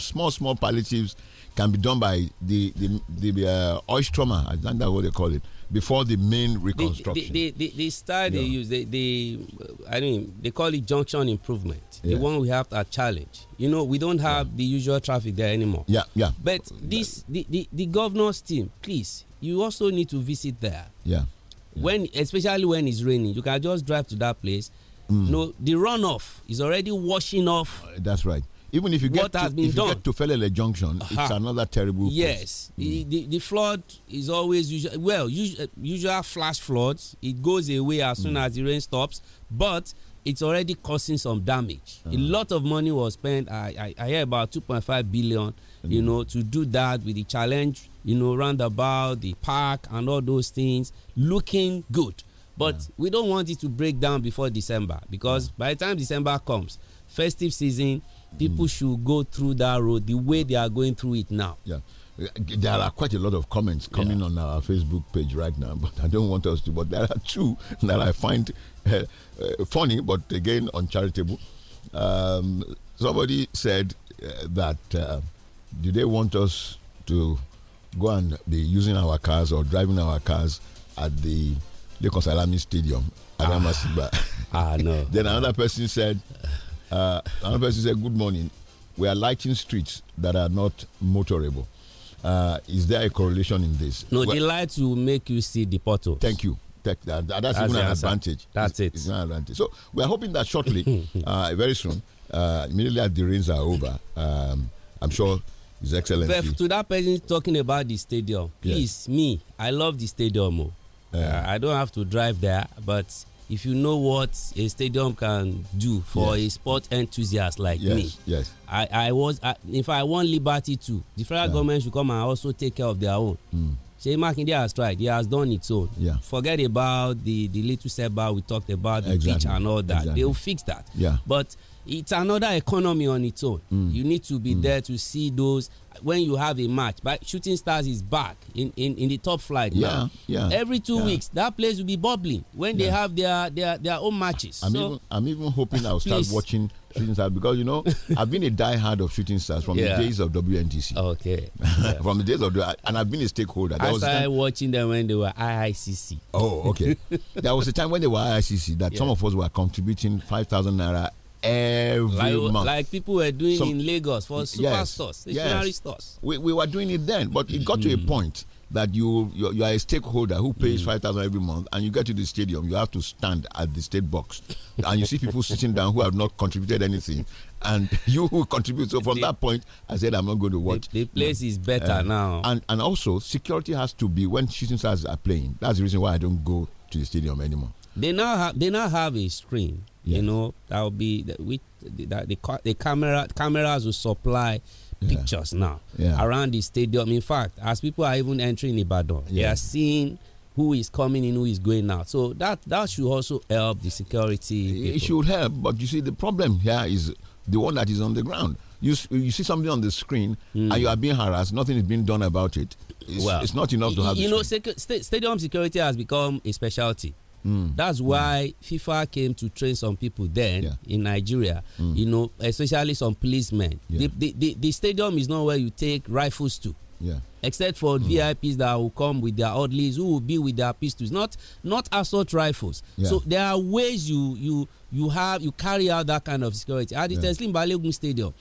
small small palliatives can be done by the the the uh, oistroma i think that's what they call it before the main reconstruction the the, the, the style yeah. they use they, they i mean they call it junction improvement yeah. the one we have a challenge you know we don't have yeah. the usual traffic there anymore yeah yeah but this the, the the governor's team please you also need to visit there yeah, when especially when it's raining you can just drive to that place mm. no the runoff is already washing off uh, that's right even if you get, to, if you get to Felele Junction, uh -huh. it's another terrible Yes. Mm. The, the, flood is always usual. Well, usual, uh, usual flash floods. It goes away as mm. soon as the rain stops. But it's already causing some damage. Uh -huh. A ah. lot of money was spent. I, I, I hear about 2.5 billion, you mm. know, to do that with the challenge, you know, roundabout, the park, and all those things looking good. But yeah. we don't want it to break down before December because yeah. by the time December comes, festive season, people mm. should go through that road the way they are going through it now. Yeah. Eh, there are quite a lot of comments coming yeah. on our Facebook page right now, but I don't want us to. But there are two that I find uh, uh, funny, but again uncharitable. Um, somebody said uh, that do they want us to go and be using our cars or driving our cars at the Lagos Stadium, Ah, ah no. then another person said uh, another person said, Good morning. We are lighting streets that are not motorable. Uh, is there a correlation in this? No, well, the lights will make you see the portal. Thank you. That, uh, that, that's, that's, even an answer. advantage. That's it's, it. It's an advantage. So we are hoping that shortly, uh, very soon, uh, immediately as the rains are over, um, I'm sure His Excellency. Bef, to that person talking about the stadium, please, yes. me, I love the stadium. Oh. Uh, I don't have to drive there, but if you know what a stadium can do for yes. a sport enthusiast like yes, me yes i i was I, if i want liberty too the federal yeah. government should come and also take care of their own mm. Shey Makinde has tried. He has done its own. Yeah. Forget about the the little setback we talked about, the exactly. pitch and all that. Exactly. They will fix that. Yeah. But it's another economy on its own. Mm. You need to be mm. there to see those when you have a match, but Shooting Stars is back in, in, in the top flight. Yeah, now. yeah. Every two yeah. weeks, that place will be bubbling when yeah. they have their their, their own matches. I'm, so, even, I'm even hoping I'll start watching Shooting Stars because you know I've been a diehard of Shooting Stars from yeah. the days of WNTC. Okay. from the days of and I've been a stakeholder. There I was started watching them when they were IICC. Oh, okay. there was a time when they were IICC that some of us were contributing five thousand naira every like, month. Like people were doing Some, in Lagos for superstores, yes, stationary yes. stores. We, we were doing it then, but it got to a mm. point that you, you, you are a stakeholder who pays mm. five thousand every month, and you get to the stadium, you have to stand at the state box, and you see people sitting down who have not contributed anything, and you who contribute. So from that point, I said I'm not going to watch. The, the place no. is better eh. now, and and also security has to be when shooting stars are playing. That's the reason why I don't go to the stadium anymore. They now have they now have a screen Yes. You know that would be that we that the the camera cameras will supply yeah. pictures now yeah. around the stadium. In fact, as people are even entering Ibadan, yeah. they are seeing who is coming in, who is going out. So that that should also help the security. It people. should help, but you see, the problem here is the one that is on the ground. You you see something on the screen, mm. and you are being harassed. Nothing is being done about it. It's, well, it's not enough to have. You know, stadium security has become a specialty. Mm. That's mm. why mm. FIFA came to train some people then yeah. in Nigeria, mm. you know, especially some policemen. Yeah. The, the, the, stadium is not where you take rifles to. Yeah. Except for mm. VIPs that will come with their oddlies, who will be with their pistols, not not assault rifles. So there are ways you you you have you carry out that kind of security. At the yeah. Teslim Balogun Stadium,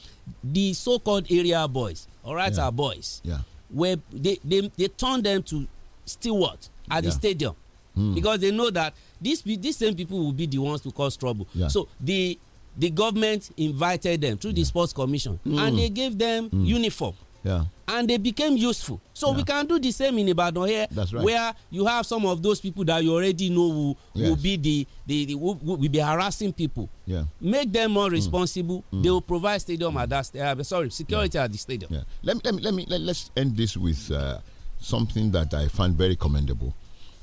the so-called area boys, all right, our boys, yeah. where they, they they turn them to stewards at the stadium mm. because they know that these these same people will be the ones to cause trouble. Yeah. So the the government invited them through yeah. the sports commission, mm. and they gave them mm. uniform. Yeah. And they became useful. So yeah. we can do the same in Ibadan here, That's right. where you have some of those people that you already know will, yes. will be the, the, the will, will, be harassing people. Yeah. Make them more hmm. responsible. Mm. They will provide stadium hmm. at that. Uh, sorry, security yeah. at the stadium. Yeah. Let me let me let me let, us end this with uh, something that I find very commendable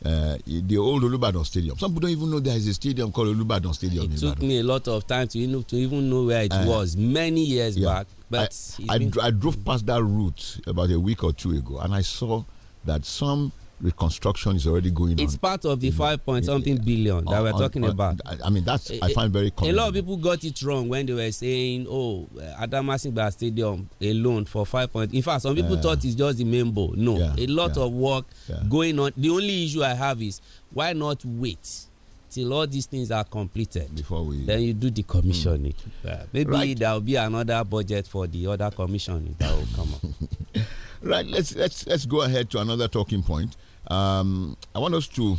uh, the old Olubadan Stadium. Some people don't even know there is a stadium called Olubadan Stadium. It took me a lot of time to, you know, to even know where it uh, was many years yeah. back. But I, I, I drove past that route about a week or two ago, and I saw that some reconstruction is already going it's on. part of the five point something billion that uh, we're uh, talking on, uh, about. I mean, that's I find very. Common. A lot of people got it wrong when they were saying, "Oh, Adamasingba Stadium alone for five point." In fact, some people yeah. thought it's just the main bowl. No, yeah. a lot yeah. of work going on. The only issue I have is why not wait? till all these things are completed. Before we then you do the commissioning. Hmm. Uh, maybe right. there will be another budget for the other commissioning that will come up. right. Let's let's let's go ahead to another talking point. Um, I want us to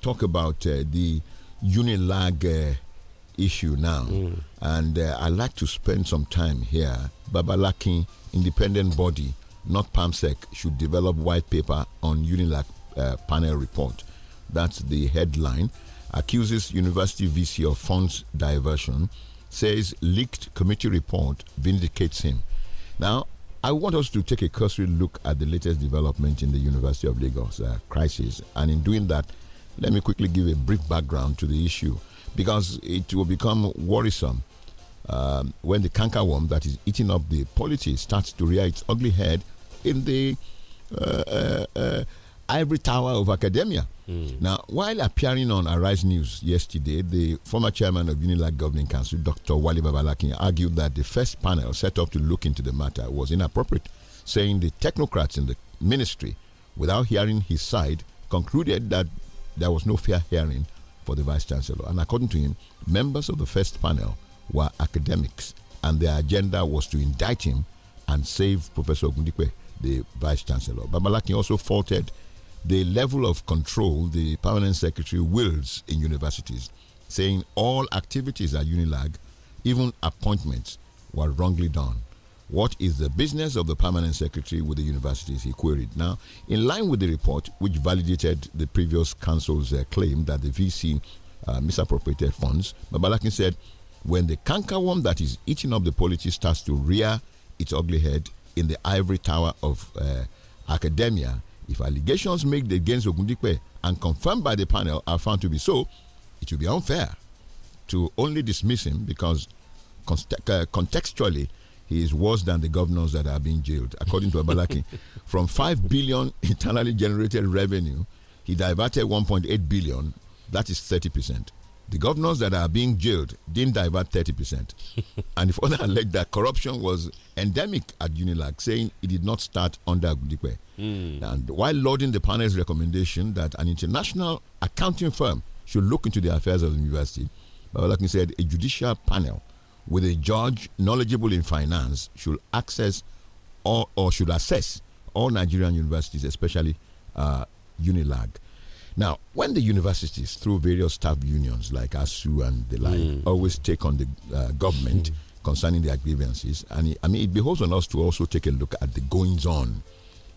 talk about uh, the Unilag uh, issue now, mm. and uh, I'd like to spend some time here. Babalaki, independent body, not PAMSEC, should develop white paper on Unilag uh, panel report. That's the headline. Accuses university VC of funds diversion. Says leaked committee report vindicates him. Now, I want us to take a cursory look at the latest development in the University of Lagos uh, crisis. And in doing that, let me quickly give a brief background to the issue because it will become worrisome um, when the cankerworm that is eating up the polity starts to rear its ugly head in the uh, uh, uh ivory tower of academia. Mm. Now, while appearing on Arise News yesterday, the former chairman of Unilag Governing Council, Dr. Wali Babalakin, argued that the first panel set up to look into the matter was inappropriate, saying the technocrats in the ministry, without hearing his side, concluded that there was no fair hearing for the vice chancellor. And according to him, members of the first panel were academics, and their agenda was to indict him and save Professor Gundikwe, the vice chancellor. Babalakin also faulted the level of control the permanent secretary wields in universities, saying all activities at Unilag, even appointments, were wrongly done. What is the business of the permanent secretary with the universities? He queried. Now, in line with the report, which validated the previous council's uh, claim that the VC uh, misappropriated funds, Babalakin said, when the worm that is eating up the polity starts to rear its ugly head in the ivory tower of uh, academia, if allegations made against Ogundipe and confirmed by the panel are found to be so, it will be unfair to only dismiss him because uh, contextually he is worse than the governors that are being jailed. According to Abalaki, from 5 billion internally generated revenue, he diverted 1.8 billion. That is 30%. The governors that are being jailed didn't divert 30%. and if other alleged that corruption was endemic at Unilag, saying it did not start under Agudikwe. Mm. And while lauding the panel's recommendation that an international accounting firm should look into the affairs of the university, Babalakin said a judicial panel with a judge knowledgeable in finance should access or, or should assess all Nigerian universities, especially uh, Unilag. Now, when the universities, through various staff unions like ASU and the mm. like, mm. always take on the uh, government mm. concerning their grievances, and it, I mean, it behoves on us to also take a look at the goings on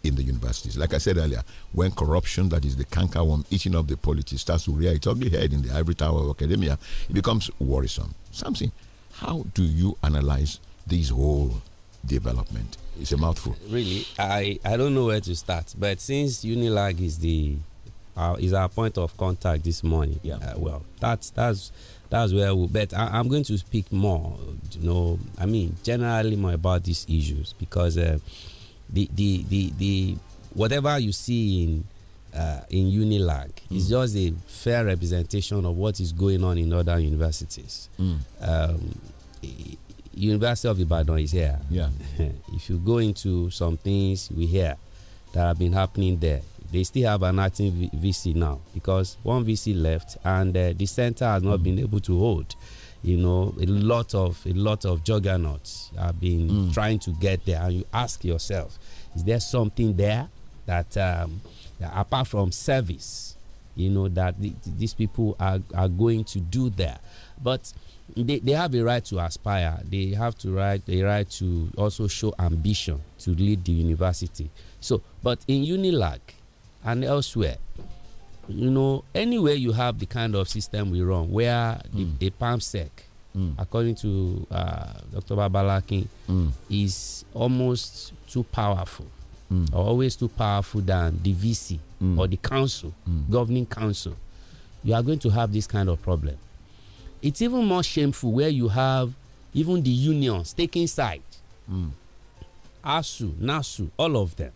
in the universities. Like I said earlier, when corruption, that is the canker worm eating up the politics starts to rear its ugly head in the ivory tower of academia, it becomes worrisome. Something. how do you analyze this whole development? It's a mouthful. Really, I, I don't know where to start, but since Unilag is the uh, is our point of contact this morning, yeah. Uh, well, that's that's that's where we'll bet. I, am going to speak more, you know, I mean, generally more about these issues because. Uh, the the the, whatever you see in uh, in Unilag mm. is just a fair representation of what is going on in other universities. Mm. Um, University of Ibadan is here. Yeah. if you go into some things we hear that have been happening there, they still have an acting VC now because one VC left and uh, the center has not mm. been able to hold you know a lot of a lot of juggernauts have been mm. trying to get there and you ask yourself is there something there that, um, that apart from service you know that th these people are, are going to do there but they, they have a right to aspire they have to right a right to also show ambition to lead the university so but in unilag and elsewhere you know, anywhere you have the kind of system we run, where mm. the, hmm. the palm sec, mm. according to uh, Dr. Babalaki, mm. is almost too powerful, hmm. always too powerful than the VC hmm. or the council, governing council, you are going to have this kind of problem. It's even more shameful where you have even the unions taking side. ASU, NASU, all of them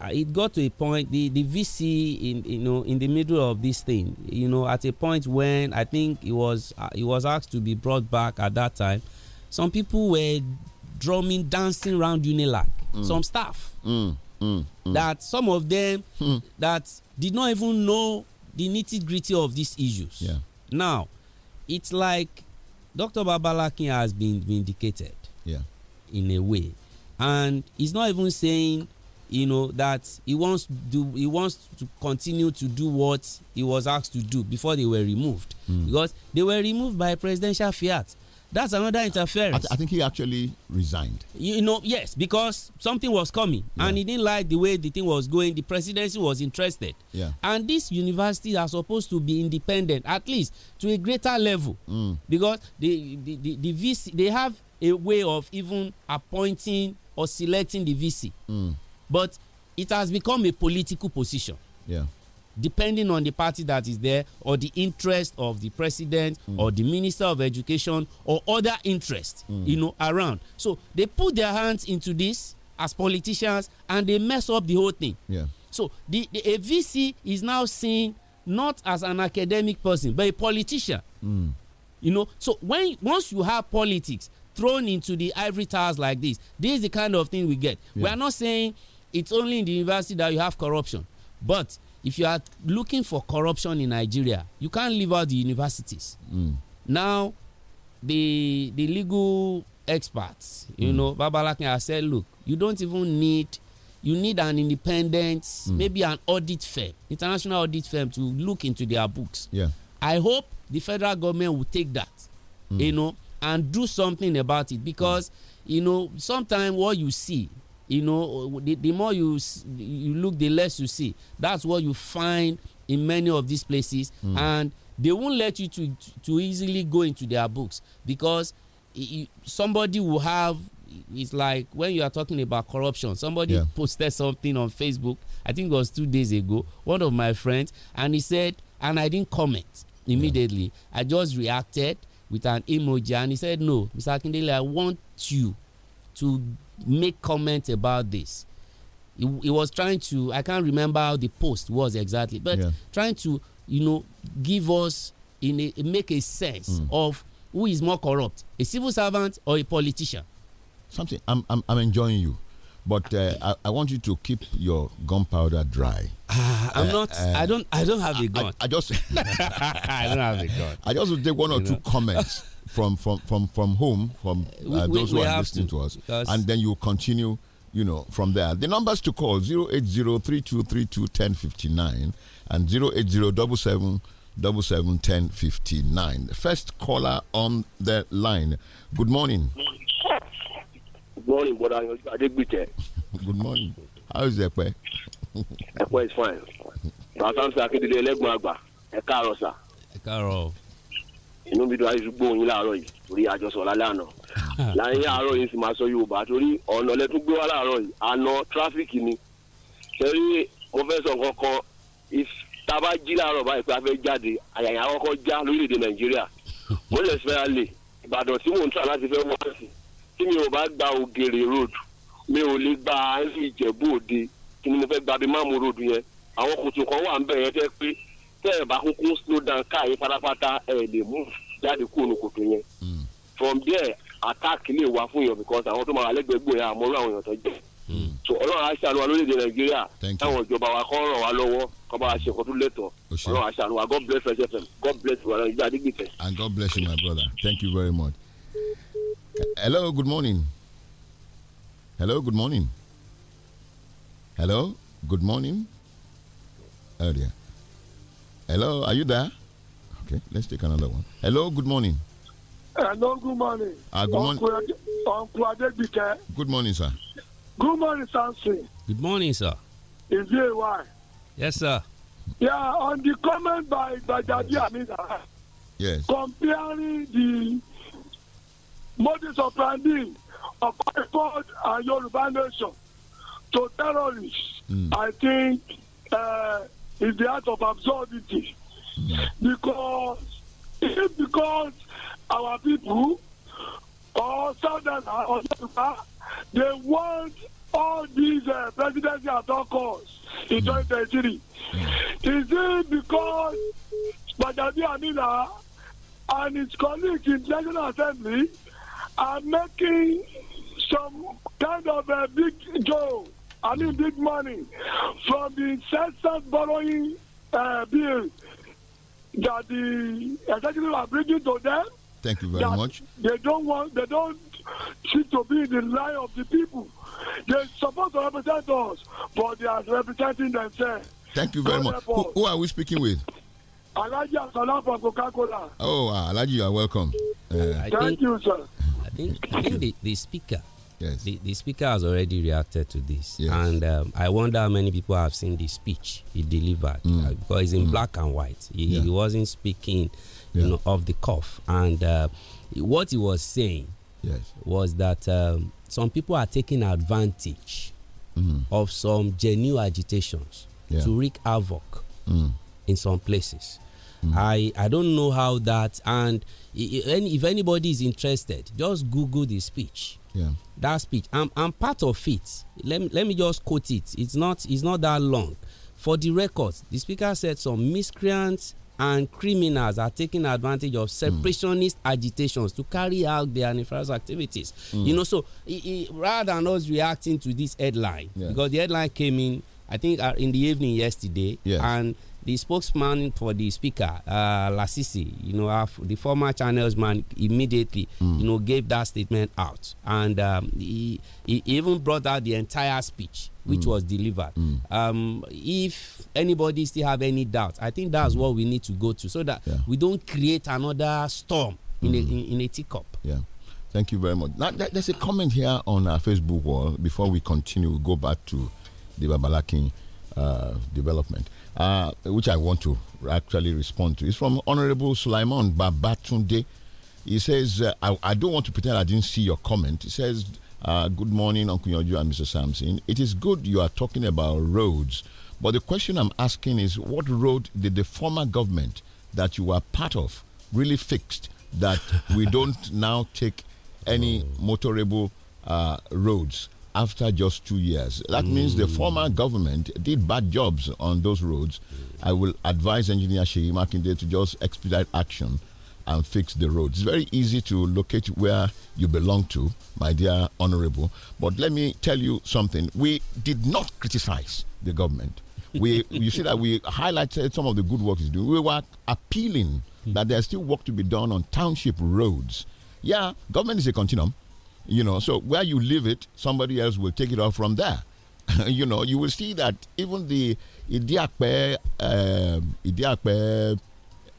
Uh, it got to a point the the VC in you know in the middle of this thing you know at a point when I think he was he uh, was asked to be brought back at that time some people were drumming dancing around Unilag mm. some staff mm, mm, mm, that some of them hmm. that did not even know the nitty gritty of these issues yeah. now it's like Dr. Babalakin has been vindicated yeah. in a way and he's not even saying you know that he wants do he wants to continue to do what he was asked to do before they were removed mm. because they were removed by presidential fiat that's another interference. I, th I, think he actually resigned. You know, yes, because something was coming yeah. and he didn't like the way the thing was going. The presidency was interested. Yeah. And these universities are supposed to be independent, at least to a greater level, mm. because the, the, the, the VC, they have a way of even appointing or selecting the VC. Mm. But it has become a political position. Yeah. Depending on the party that is there, or the interest of the president, mm. or the minister of education, or other interests, mm. you know, around. So they put their hands into this as politicians, and they mess up the whole thing. Yeah. So the, the AVC is now seen not as an academic person, but a politician. Mm. You know, so when once you have politics thrown into the ivory towers like this, this is the kind of thing we get. Yeah. We are not saying it's only in the university that you have corruption but if you are looking for corruption in nigeria you can't leave out the universities mm. now the the legal experts you mm. know babalakin has said look you don't even need you need an independent mm. maybe an audit firm international audit firm to look into their books yeah i hope the federal government will take that mm. you know and do something about it because you know sometimes what you see you know the, the more you you look the less you see that's what you find in many of these places mm. and they won't let you to to easily go into their books because somebody will have it's like when you are talking about corruption somebody yeah. posted something on facebook i think it was two days ago one of my friends and he said and i didn't comment immediately yeah. i just reacted with an emoji and he said no mr akindele i want you to make comment about this. He, he, was trying to, I can't remember how the post was exactly, but yeah. trying to, you know, give us, in a, make a sense mm. of who is more corrupt, a civil servant or a politician. Something, I'm, I'm, I'm enjoying you but uh, ah. I, I, want you to keep your gunpowder dry. Uh, I'm uh, not. Uh, I don't. I don't have a gun. I, I just. I don't have a gun. I just take one or you two know? comments from from from from home from uh, we, those who are listening to, to us, and then you continue. You know, from there, the numbers to call 80 and 80 1st caller on the line. Good morning. Good morning, brother. Good morning. How is That Ekwe is fine. Bàtà ń sàkédélé ẹlẹ́gbọ̀n àgbà. Ẹ káàárọ̀ sà. Ẹ káàárọ̀. inú mi dùn àìsùn gbóhùn yín láàárọ̀ yìí torí àjọsọ lálẹ́ àná ah. láyé àárọ̀ yìí sì máa sọ Yorùbá torí ọ̀nà lẹ́tún gbé wá láàárọ̀ yìí àná tráfíkì ni torí mo fẹ́ sọ nǹkan kan tá a bá jí láàárọ̀ báyìí pé a fẹ́ jáde àyàyà kọ́kọ́ já lórílẹ̀‐èdè Nàìjíríà most especially Ìbàdàn tí mò ń tà láti fẹ́ wọ́n sí tí mi ò bá gba Ògèrè road mi ò lè gba Ìjẹ̀bú Òde kí ni mo fẹ́ gba bí máàmù road yẹn àwọn kùtù kan wà ń bẹ̀ yẹn tẹ́ pé tẹ́ ẹ̀ bá kúkú slow down káà yín pátápátá ẹ̀ lè mú jáde kúrò ní kòtò yẹn hmm. from there attack lè wá fún yàn because àwọn tó máa wà lẹ́gbẹ̀ẹ́ gbòòyà àmọ́rú àwọn èèyàn tó jẹ́ hmm. so ọlọ́run aṣàánú wa lórílẹ̀ nàìjíríà táwọn ìjọba wa kọ́ ràn wá lọ́wọ́ kọ́ bá wa ṣe nǹkan tó lẹ́tọ̀ ọlọ́run aṣàánú wa god bless fresh fm god bless wa and god bless you my brother thank you very much. hello good morning. hello good morning. hello good morning. Oh dear. Hello, are you there? Okay, let's take another one. Hello, good morning. Hello, good morning. Uh, good morning. Uncle Good morning, sir. Good morning, Samson. Good morning, sir. Is it why? Yes, sir. Yeah, on the comment by by Daddy Amina. Yes. Comparing the modus operandi of Oxford and Yoruba Nation to terrorists, mm. I think uh, is the art of absurdity. Because if because our people or southern or they want all these uh, presidency at all costs in mm. 2023. Mm. Is it because Badadi Amila and his colleagues in National Assembly are making some kind of a big joke I need big money from the incessant borrowing uh, bills that the executive are bringing to them. Thank you very much. They don't want. They don't seem to be in the line of the people. They're supposed to represent us, but they are representing themselves. Thank you very much. Who, who, are we speaking with? Alaji Asala from Coca-Cola. Oh, Alaji, you are welcome. Uh, Thank think, you, sir. I think, I think the, the speaker Yes. The, the speaker has already reacted to this. Yes. And um, I wonder how many people have seen the speech he delivered mm. uh, because it's in mm. black and white. He, yeah. he wasn't speaking you know, off the cuff. And uh, what he was saying yes. was that um, some people are taking advantage mm. of some genuine agitations yeah. to wreak havoc mm. in some places. Mm. I, I don't know how that and if anybody is interested, just Google the speech yeah. That speech. I'm I'm part of it. Let me let me just quote it. It's not it's not that long. For the record, the speaker said some miscreants and criminals are taking advantage of hmm. separationist mm. agitations to carry out their nefarious activities. Mm. You know, so it, it, rather than us reacting to this headline, yeah. because the headline came in, I think, uh, in the evening yesterday, yes. and the spokesman for the speaker, uh, Lassisi, you know, uh, the former channels man immediately, mm. you know, gave that statement out. And um, he, he, even brought out the entire speech, which mm. was delivered. Mm. Um, if anybody still have any doubt, I think that's hmm. what we need to go to so that yeah. we don't create another storm in, a, hmm. in, in a teacup. Yeah. Thank you very much. Now, there's a comment here on our Facebook wall. Before we continue, we go back to the Babalakin. Uh, development, uh, which I want to actually respond to. It's from Honorable Sulaiman Babatunde. He says, uh, I, I, don't want to pretend I didn't see your comment. He says, uh, Good morning, Uncle Yoju and Mr. Sampson. It is good you are talking about roads, but the question I'm asking is what road did the former government that you were part of really fixed that we don't now take any oh. motorable uh, roads? after just two years. That mm. means the mm. former government did bad jobs on those roads. Mm. I will advise Engineer Sheyi Makinde to just expedite action and fix the roads. It's very easy to locate where you belong to, my dear Honorable. But let me tell you something. We did not criticize the government. We, you see that we highlighted some of the good work it's doing. We were appealing mm. that hmm. there's still work to be done on township roads. Yeah, government is a continuum you know, so where you leave it, somebody else will take it off from there. you know, you will see that even the Idiakpe, uh, um, Idiakpe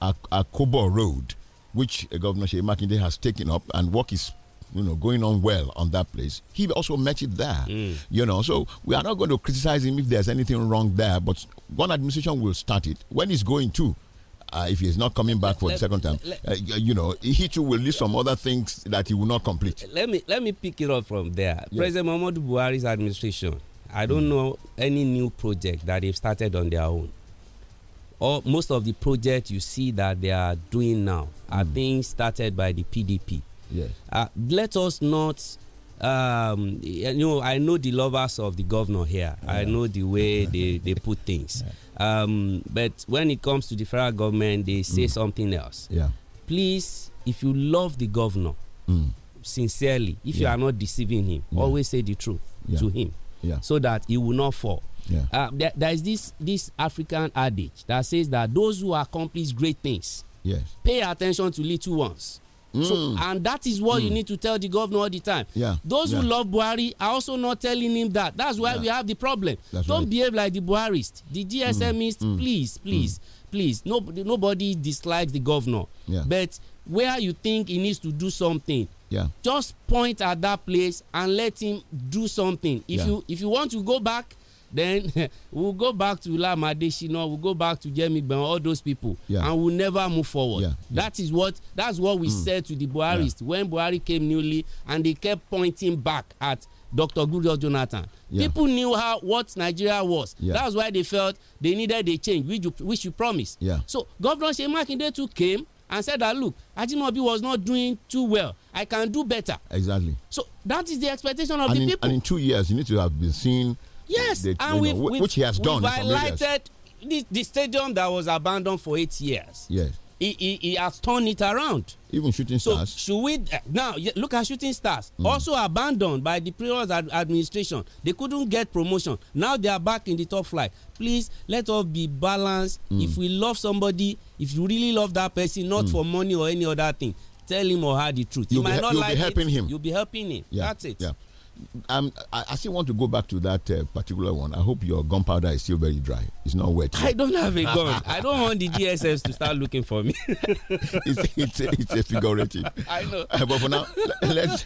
Akobo Road, which uh, Governor Shea Makinde has taken up and work is you know going on well on that place he also met it there mm. you know so we are not going to criticize him if there's anything wrong there but one administration will start it when going to uh, if he's not coming back for let, the second time, let, uh, you know, he too will list some other things that he will not complete. Let me let me pick it up from there. Yes. President Mahmoud Buhari's administration, I don't mm. know any new project that they've started on their own. Or most of the projects you see that they are doing now are hmm. being started by the PDP. Yes. Uh, let us not um, you know, I know the lovers of the governor here. Yeah. I know the way they, they put things. Yeah. Um, but when it comes to the federal government, they say mm. something else. Yeah. Please, if you love the governor mm. sincerely, if yeah. you are not deceiving him, always say the truth to him so that he will not fall. Uh, there, there is this this African adage that says that those who accomplish great things, yes. pay attention to little ones. Mm. So, and that is what mm. you need to tell the governor all the time. Yeah. Those yeah. who love Buhari are also not telling him that. That's why yeah. we have the problem. That's Don't right. behave like the Buharist, the GSMist. Mm. mm. Please, mm. please, please. No, nobody dislikes the governor. Yeah. But where you think he needs to do something, yeah. just point at that place and let him do something. If you if you want to go back, then we'll go back to Lam Adeshina, we'll go back to Jeremy, Ben, all those people, yeah. and we'll never move forward. Yeah. That is what that's what we mm. said to the Buharists when Buhari came newly, and they kept pointing back at Dr. Goodwill Jonathan. Yeah. People knew how what Nigeria was. Yeah. That's why they felt they needed a change, which you, which you promised. Yeah. So Governor Shemakinde too came and said that look, Ajimobi was not doing too well. I can do better. Exactly. So that is the expectation of and the in, people. And in two years, you need to have been seen. Yes, that, and we've, know, we've, which he has done. Violated the, the stadium that was abandoned for eight years. Yes. He, he, he has turned it around. Even shooting so stars. Should we uh, now look at shooting stars mm. also abandoned by the previous ad administration? They couldn't get promotion. Now they are back in the top flight. Please let us be balanced. Mm. If we love somebody, if you really love that person, not mm. for money or any other thing, tell him or her the truth. You'll he might not like helping it. him. You'll be helping him. Yeah. That's it. Yeah. I'm, I, still want to go back to that uh, particular one. I hope your gunpowder is still very dry. It's not wet. Yet. I don't have a gun. I don't want the DSS to start looking for me. it's, it's, a, it's a figurative. I know. Uh, but for now, let's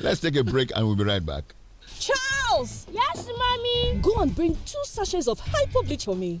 let's take a break and we'll be right back. Charles! Yes, mommy. Go and bring two sachets of hypo bleach for me.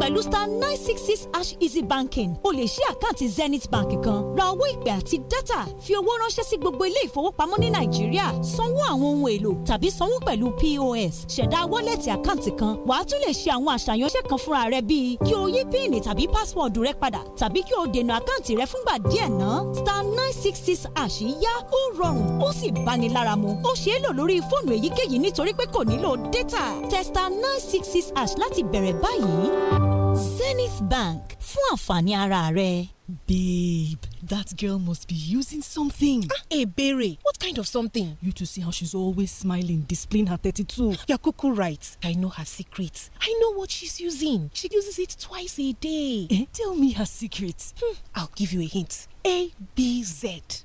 pẹ̀lú star nine six six ash easy banking o lè ṣí àkáǹtì zenith bank kan ra owó ìpè àti dátà fi owó ránṣẹ́ sí gbogbo ilé ìfowópamọ́ ní nàìjíríà sanwó àwọn ohun èlò tàbí sanwó pẹ̀lú pos ṣẹ̀dá wọ́lẹ̀tì àkáǹtì kan wàá tún lè ṣe àwọn àṣàyàn iṣẹ́ kan fúnra rẹ bíi kí o yí pin tàbí pásíwọ̀dù rẹ padà tàbí kí o dènà àkáǹtì rẹ fúngbà díẹ̀ náà star nine six six ash yá ó rọrùn ó sì bani lára mu ó ṣeé lò lórí fóònù èyíkéyìí nítorí pé kò nílò dátà testa nine six six ash láti bẹ̀rẹ̀ báyìí. zenith bank fún àǹfààní ara rẹ. Babe, that girl must be using something. Ah, hey, eh, what kind of something? You to see how she's always smiling, displaying her 32. You're right. I know her secret. I know what she's using. She uses it twice a day. Eh? Tell me her secret. Hmm. I'll give you a hint. A B Z.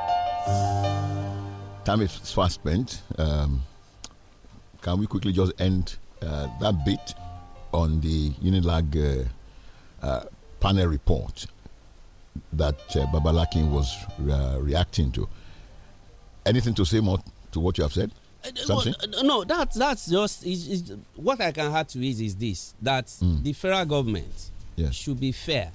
Time is fast spent. Um, can we quickly just end uh, that bit on the Unilag uh, uh, panel report that uh, Babalakin was uh, reacting to? Anything to say more to what you have said? Uh, uh, Something? No, no, that, that's just it's, it's, what I can add to it is this that mm. the federal government yes. should be fair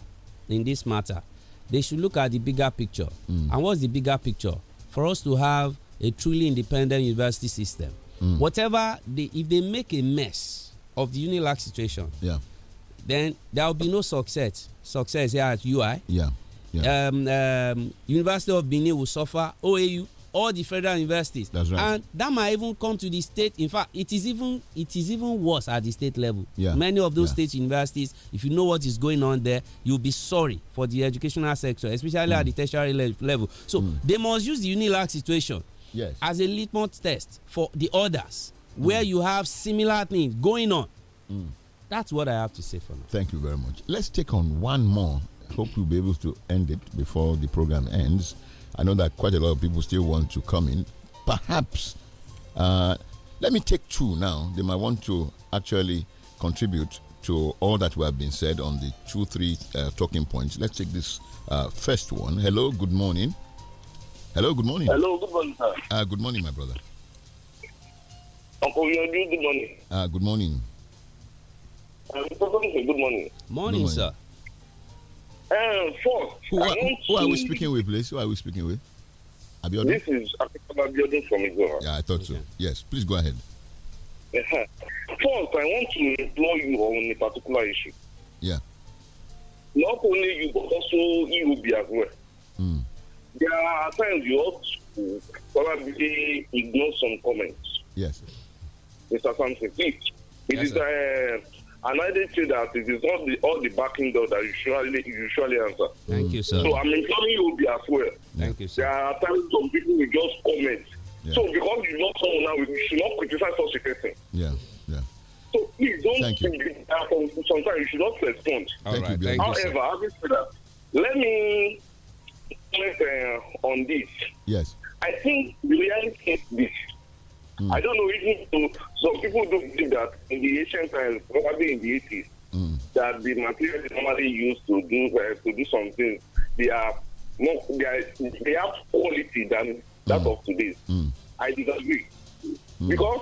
in this matter they should look at the bigger picture. Mm. And what's the bigger picture? For us to have a truly independent university system. Mm. Whatever they, if they make a mess of the Unilag situation, yeah. then there will be no success. Success here at UI. Yeah. yeah. Um, um, University of Benin will suffer. OAU all the federal universities. That's right. And that might even come to the state. In fact, it is even it is even worse at the state level. Yeah. Many of those yeah. state universities, if you know what is going on there, you'll be sorry for the educational sector, especially mm. at the tertiary le level. So mm. they must use the UNILAC situation yes. as a litmus test for the others mm. where you have similar things going on. Mm. That's what I have to say for now. Thank you very much. Let's take on one more. Hope you'll be able to end it before the program ends. I know that quite a lot of people still want to come in. Perhaps, uh, let me take two now. They might want to actually contribute to all that we have been said on the two, three uh, talking points. Let's take this uh, first one. Hello, good morning. Hello, good morning. Hello, good morning, sir. Uh, good morning, my brother. Uncle Yodu, good morning. good morning. Uh, good morning. Uh, good morning, sir. Eh, four. Who, are, who are we speaking with, please? Who are we speaking with? Abiodun? This is Abiodun from Igora. Yeah, I thought so. Yes, please go ahead. Eh, eh. First, I want to implore you on a particular issue. Yeah. Not only you, but also you will be as well. Mm. There are times you ought to probably ignore some comments. Yes. Mr. Sampson, please. It yes, is, and I did say that it is all the all the backing door that you usually usually answer. Thank you, sir. So I'm informing you be as well. Thank you, sir. There are times some people will just comment. Yeah. So because you know someone now, we should not criticize such a person. Yeah, yeah. So please don't Thank you. sometimes you should not respond. Thank right. You, However, having said that, let me comment uh, on this. Yes. I think the reality is this Mm. I don't know. Even though some people do believe that in the ancient times, probably in the 80s, mm. that the material is normally used to do uh, to do something, they are more they, are, they have quality than that mm. of today. Mm. I disagree mm. because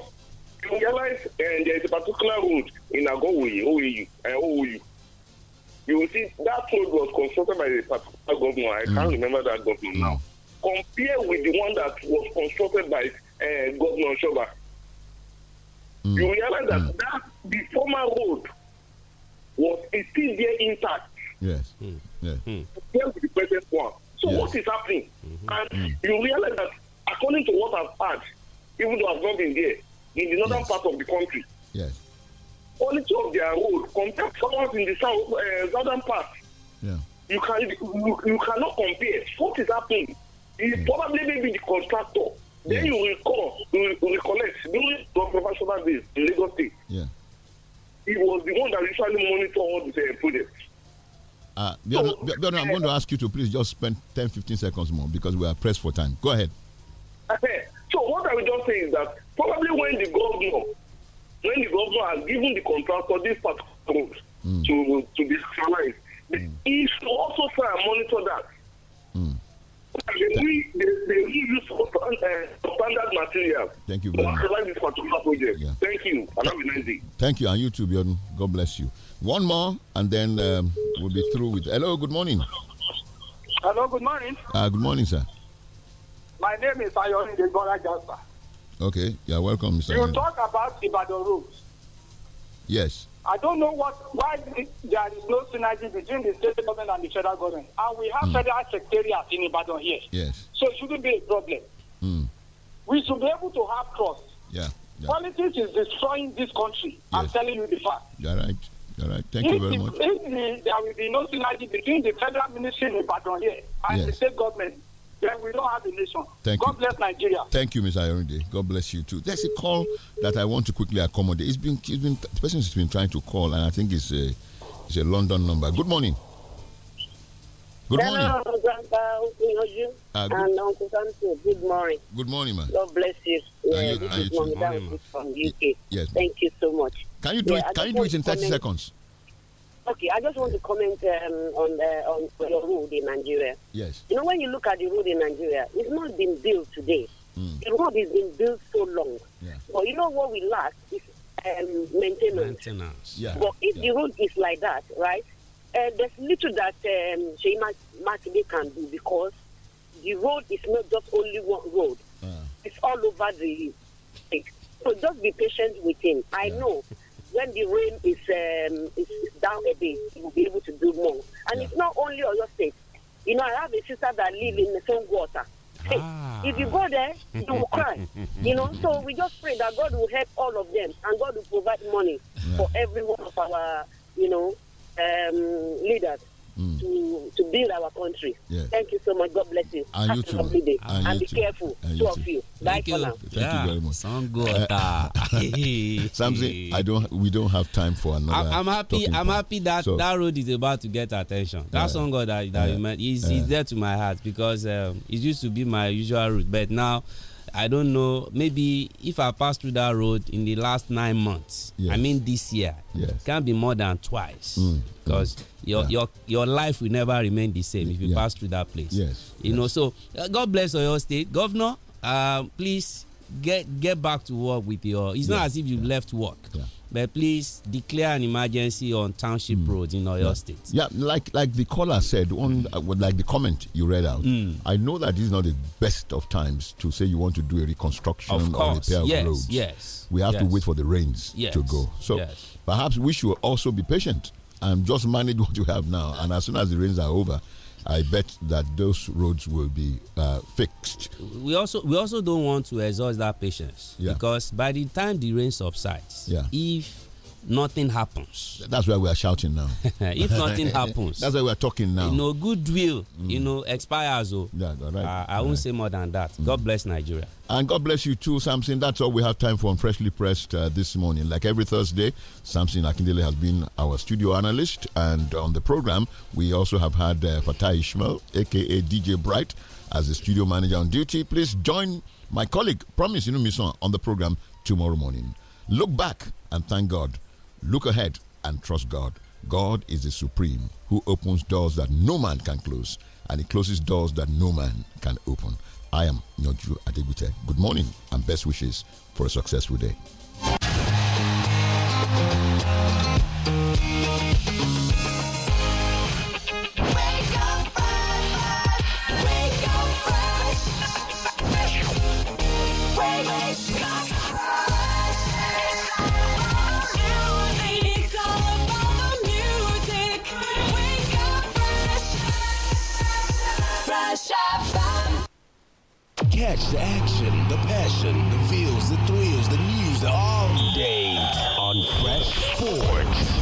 you realize uh, there is a particular road in Agowi, OAU, uh, OAU. You will see that road was constructed by a particular government. I can't mm. remember that government now. Compare with the one that was constructed by uh, eh, Governor Shoba. Mm. You realize that, mm. that the former road was a still there intact. Yes. Mm. Yeah. Mm. The present one. So yes. what is happening? -hmm. And mm. you realize that according to what I've heard, even though I've not been there, in the northern yes. part of the country, yes. quality of their road compared to someone in the south uh, southern part. Yeah. You can you, you cannot compare. What is happening? It's mm. probably maybe the contractor yeah. Then you recall, you recollect during the professional days in Lagos State. Yeah. He was the one that usually monitor all the uh, projects. Uh, so, Biano, I'm going to ask you to please just spend 10 15 seconds more because we are pressed for time. Go ahead. Okay. So, what I will just say is that probably when the governor when the governor has given the contract for this particular road mm. to to be finalized, mm. he should also try and monitor that. Mm. We, eh, material. Thank you very much. Yeah. Thank you, Thank you, and you too, Bjorn. God bless you. One more, and then um, we'll be through with. Hello, good morning. Hello, good morning. Uh, good morning, sir. My name is Ayoni Debora Jasper. Okay, you're welcome, Mr. You talk about Ibadan rules. Yes. I don't know what why there is no synergy between the state government and the federal government. And we have mm. federal secretariat in Ibadan here. Yes. So it shouldn't be a problem. Mm. We should be able to have trust. Yeah. yeah. Politics is destroying this country. Yes. I'm telling you the fact. You're right. You're right. Thank if you very much. If there will be no synergy between the federal ministry in Ibadan here and yes. the state government, then we don't have a nation. Thank God you. bless Nigeria. Thank you, Mr. Ayorinde. God bless you too. There's a call that I want to quickly accommodate. It's been, it's been the person has been trying to call, and I think it's a, it's a London number. Good morning. Good morning. Hello, Grandpa uh, ah, good, and Uncle Santo. Good morning. Good morning, man. God bless you. Yeah, you, this is Mommy from UK. Yes, Thank you so much. Can you do yeah, it? Can you do it in 30 comment. seconds? Okay, I just want to comment um, on uh, on your road in Nigeria. Yes. You know, when you look at the road in Nigeria, it's not been built today. Mm. The road has been built so long. Yeah. But you know what we lack is um, maintenance. Maintenance. Yeah. But if yeah. the road is like that, right? Uh, there's little that um, Sheima can do because the road is not just only one road. Uh. It's all over the. State. So just be patient with him. I yeah. know when the rain is, um, is, down a bit, you'll be able to do more. And yeah. it's not only on your State. You know, I have a sister that live in the same water. Hey, ah. If you go there, you will cry. you know, so we just pray that God will help all of them and God will provide money yeah. for every one of our, you know, um, leaders mm. to to build our country. Yeah. Thank you so much. God bless you. And Have you too. And, and, you be too. careful, and two of you. Bye for now. Thank yeah. you very much. Sound good. Uh, Samson, I don't. We don't have time for another. I'm, happy. I'm happy that so, that road is about to get attention. That yeah. song God that, that yeah. you meant is yeah. to my heart because um, it used to be my usual route, but now. I don't know. Maybe if I pass through that road in the last nine months, yes. I mean this year, yes. can be more than twice. Mm because your yeah. your your life will never remain the same if you yeah. pass through that place. Yes, you yes. know. So uh, God bless your State, Governor. Um, please get get back to work with your. It's yeah. not as if you left work. But please declare an emergency on township mm. roads in your State. Yeah, like like the caller said, on uh, like the comment you read out. Mm. I know that this is not the best of times to say you want to do a reconstruction of course. or repair yes, of roads. Yes, we have yes. to wait for the rains yes. to go. So perhaps we should also be patient and just manage what you have now. And as soon as the rains are over, I bet that those roads will be uh, fixed. We also we also don't want to exhaust that patience yeah. because by the time the rain subsides, yeah. if nothing happens. That's why we are shouting now. if nothing happens, that's why we are talking now. You know, goodwill, mm. you know, expires. Oh, yeah, all right. I won't say more than that. Mm. God bless Nigeria. And God bless you too, Samson. That's all we have time for on Freshly Pressed uh, this morning. Like every Thursday, Samson Akindele has been our studio analyst. And on the program, we also have had uh, Fatah Ishmael, aka DJ Bright, as the studio manager on duty. Please join my colleague, Promise Inumison, on the program tomorrow morning. Look back and thank God Look ahead and trust God. God is the supreme who opens doors that no man can close, and he closes doors that no man can open. I am Nyoju Adegbite. Good morning and best wishes for a successful day. Wait. passion, the feels, the thrills, the news all day on Fresh Sports.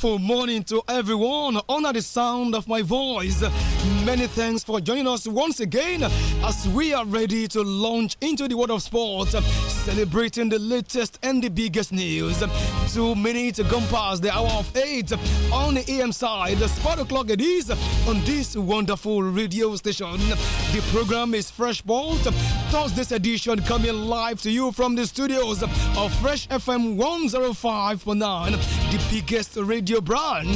beautiful morning to everyone under the sound of my voice. Many thanks for joining us once again as we are ready to launch into the world of sports, celebrating the latest and the biggest news. Two minutes gone past the hour of eight on the AM side, spot o'clock it is on this wonderful radio station. The program is Fresh Bolt Thursday's edition coming live to you from the studios of Fresh FM 105.9, the biggest radio brand,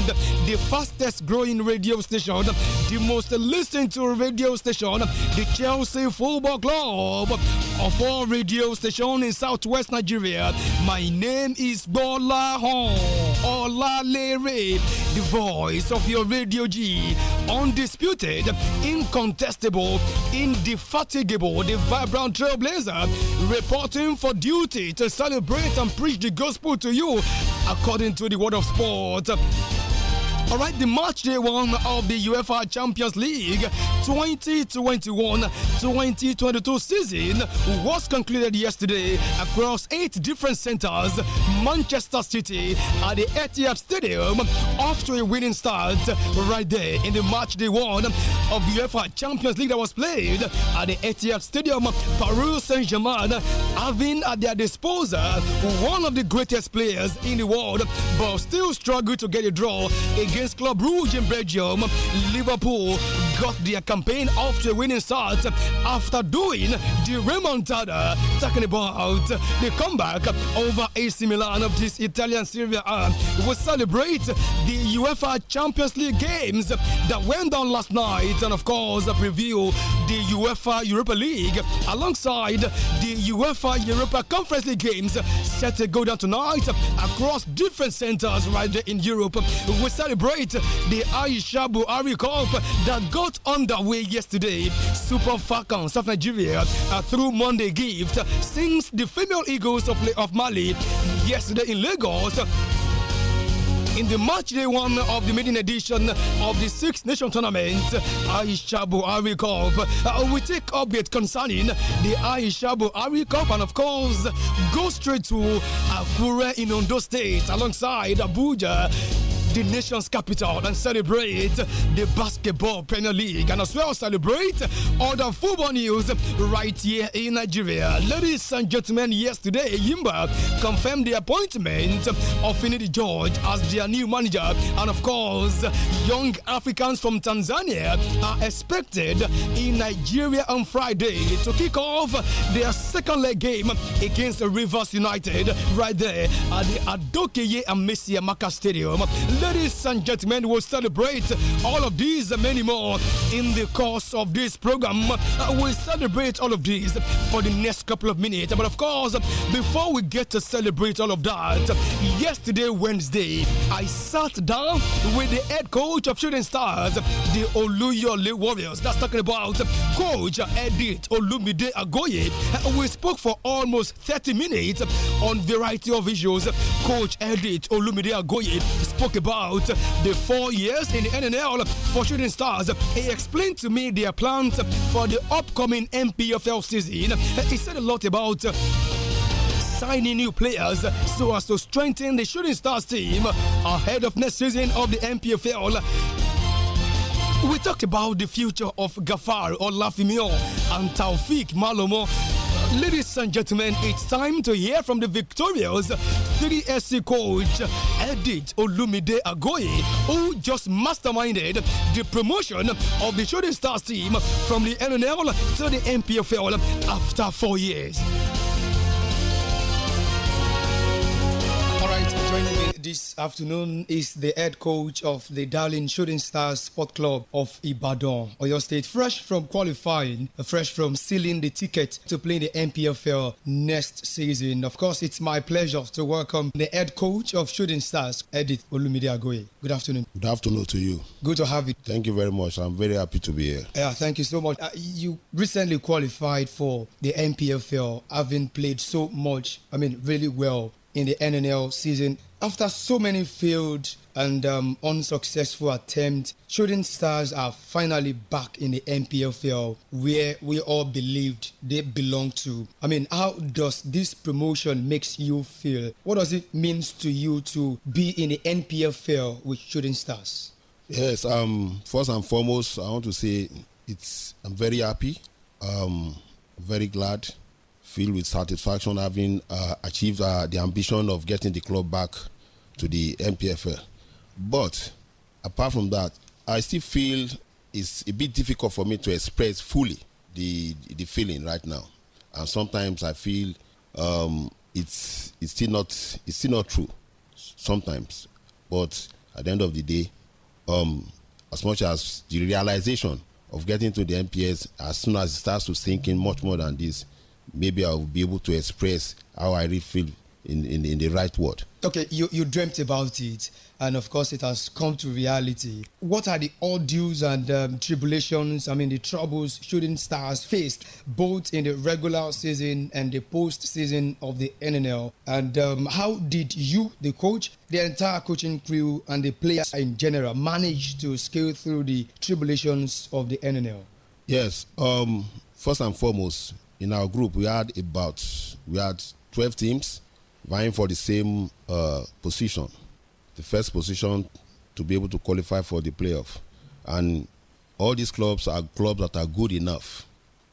the fastest growing radio station, the most listened to radio station, the Chelsea Football Club of all radio stations in southwest Nigeria. My name is Bola Hon Olalere, the voice of your radio G, undisputed, incontestable, indefatigable, the Brown Trailblazer, reporting for duty to celebrate and preach the gospel to you according to the word of sport. All right, the match day one of the UEFA Champions League 2021-2022 season was concluded yesterday across eight different centers. Manchester City at the Etihad Stadium off to a winning start right there in the match day one of the UEFA Champions League that was played at the Etihad Stadium. Paris Saint-Germain having at their disposal one of the greatest players in the world, but still struggled to get a draw against against Club Rouge in Belgium, Liverpool got their campaign off to a winning start after doing the remontada. Talking about the comeback over AC Milan of this Italian Serie A. We celebrate the UEFA Champions League games that went down last night and, of course, preview the UEFA Europa League alongside the UEFA Europa Conference League games set to go down tonight across different centers right there in Europe. We celebrate the Aisha Buhari Cup that got got underway yesterday. Super Falcons of Nigeria uh, through Monday gift since the female Eagles of, of Mali yesterday in Lagos in the match day one of the maiden edition of the Six Nation Tournament, Aisha Ari Cup. Uh, we take update concerning the Aisha Ari Cup and, of course, go straight to Akure in Ondo State alongside Abuja the nation's capital and celebrate the Basketball Premier League and as well celebrate all the football news right here in Nigeria. Ladies and gentlemen, yesterday Yimba confirmed the appointment of Finidi George as their new manager, and of course, young Africans from Tanzania are expected in Nigeria on Friday to kick off their second leg game against Rivers United right there at the Adokeye Amesiamaka Stadium. Ladies and gentlemen, we'll celebrate all of these and many more in the course of this program. Uh, we'll celebrate all of these for the next couple of minutes. But of course, before we get to celebrate all of that, yesterday, Wednesday, I sat down with the head coach of Shooting Stars, the Oluyole Warriors. That's talking about Coach Edith Olumide Agoye. Uh, we spoke for almost 30 minutes on variety of issues. Coach Edith Olumide Agoye spoke about about the four years in the NNL for Shooting Stars. He explained to me their plans for the upcoming MPFL season. He said a lot about signing new players so as to strengthen the Shooting Stars team ahead of next season of the MPFL. We talked about the future of Gafar Olafimio and Taufik Malomo Ladies and gentlemen, it's time to hear from the victorious 3SC coach Edith Olumide Agoye, who just masterminded the promotion of the Shooting Stars team from the NNL to the MPFL after four years. this afternoon is the head coach of the Darling Shooting Stars Sport Club of Ibadan, Oyo State. Fresh from qualifying, fresh from sealing the ticket to play the NPFL next season. Of course, it's my pleasure to welcome the head coach of Shooting Stars, Edith Olumide Agoye. Good afternoon. Good afternoon to you. Good to have you. Thank you very much. I'm very happy to be here. Yeah, thank you so much. Uh, you recently qualified for the NPFL, having played so much, I mean, really well in the NNL season. After so many failed and um, unsuccessful attempts, shooting stars are finally back in the NPFL where we all believed they belonged to. I mean, how does this promotion makes you feel? What does it means to you to be in the NPFL with shooting stars? Yes, um, first and foremost, I want to say it's I'm very happy, um, very glad, filled with satisfaction having uh, achieved uh, the ambition of getting the club back to the MPFL. But apart from that, I still feel it's a bit difficult for me to express fully the the feeling right now, and sometimes I feel um, it's it's still not it's still not true. Sometimes, but at the end of the day, um, as much as the realization of getting to the MPS as soon as it starts to sink in much more than this, maybe I'll be able to express how I really feel in, in, in the right word. Okay, you, you dreamt about it, and of course, it has come to reality. What are the ordeals and um, tribulations, I mean, the troubles shooting stars faced both in the regular season and the post season of the NNL? And um, how did you, the coach, the entire coaching crew, and the players in general manage to scale through the tribulations of the NNL? Yes, um, first and foremost, in our group, we had about we had 12 teams vying for the same uh, position, the first position to be able to qualify for the playoff. And all these clubs are clubs that are good enough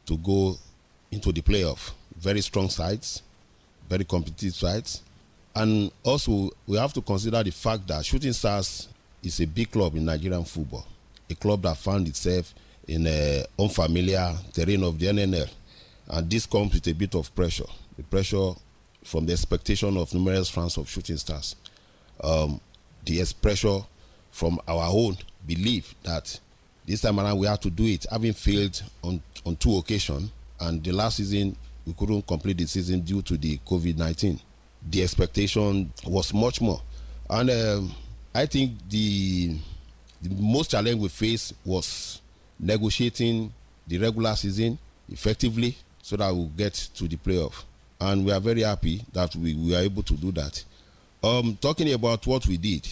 to go into the playoff. Very strong sides, very competitive sides. And also, we have to consider the fact that Shooting Stars is a big club in Nigerian football, a club that found itself in an unfamiliar terrain of the NNL. And this comes with a bit of pressure the pressure from the expectation of numerous fans of shooting stars. Um, the pressure from our own belief that this time around we have to do it, having failed on, on two occasions, and the last season we couldn't complete the season due to the COVID 19. The expectation was much more. And um, I think the, the most challenge we faced was negotiating the regular season effectively so that we we'll get to the playoff. and we are very happy that we, we are able to do that. Um, talking about what we did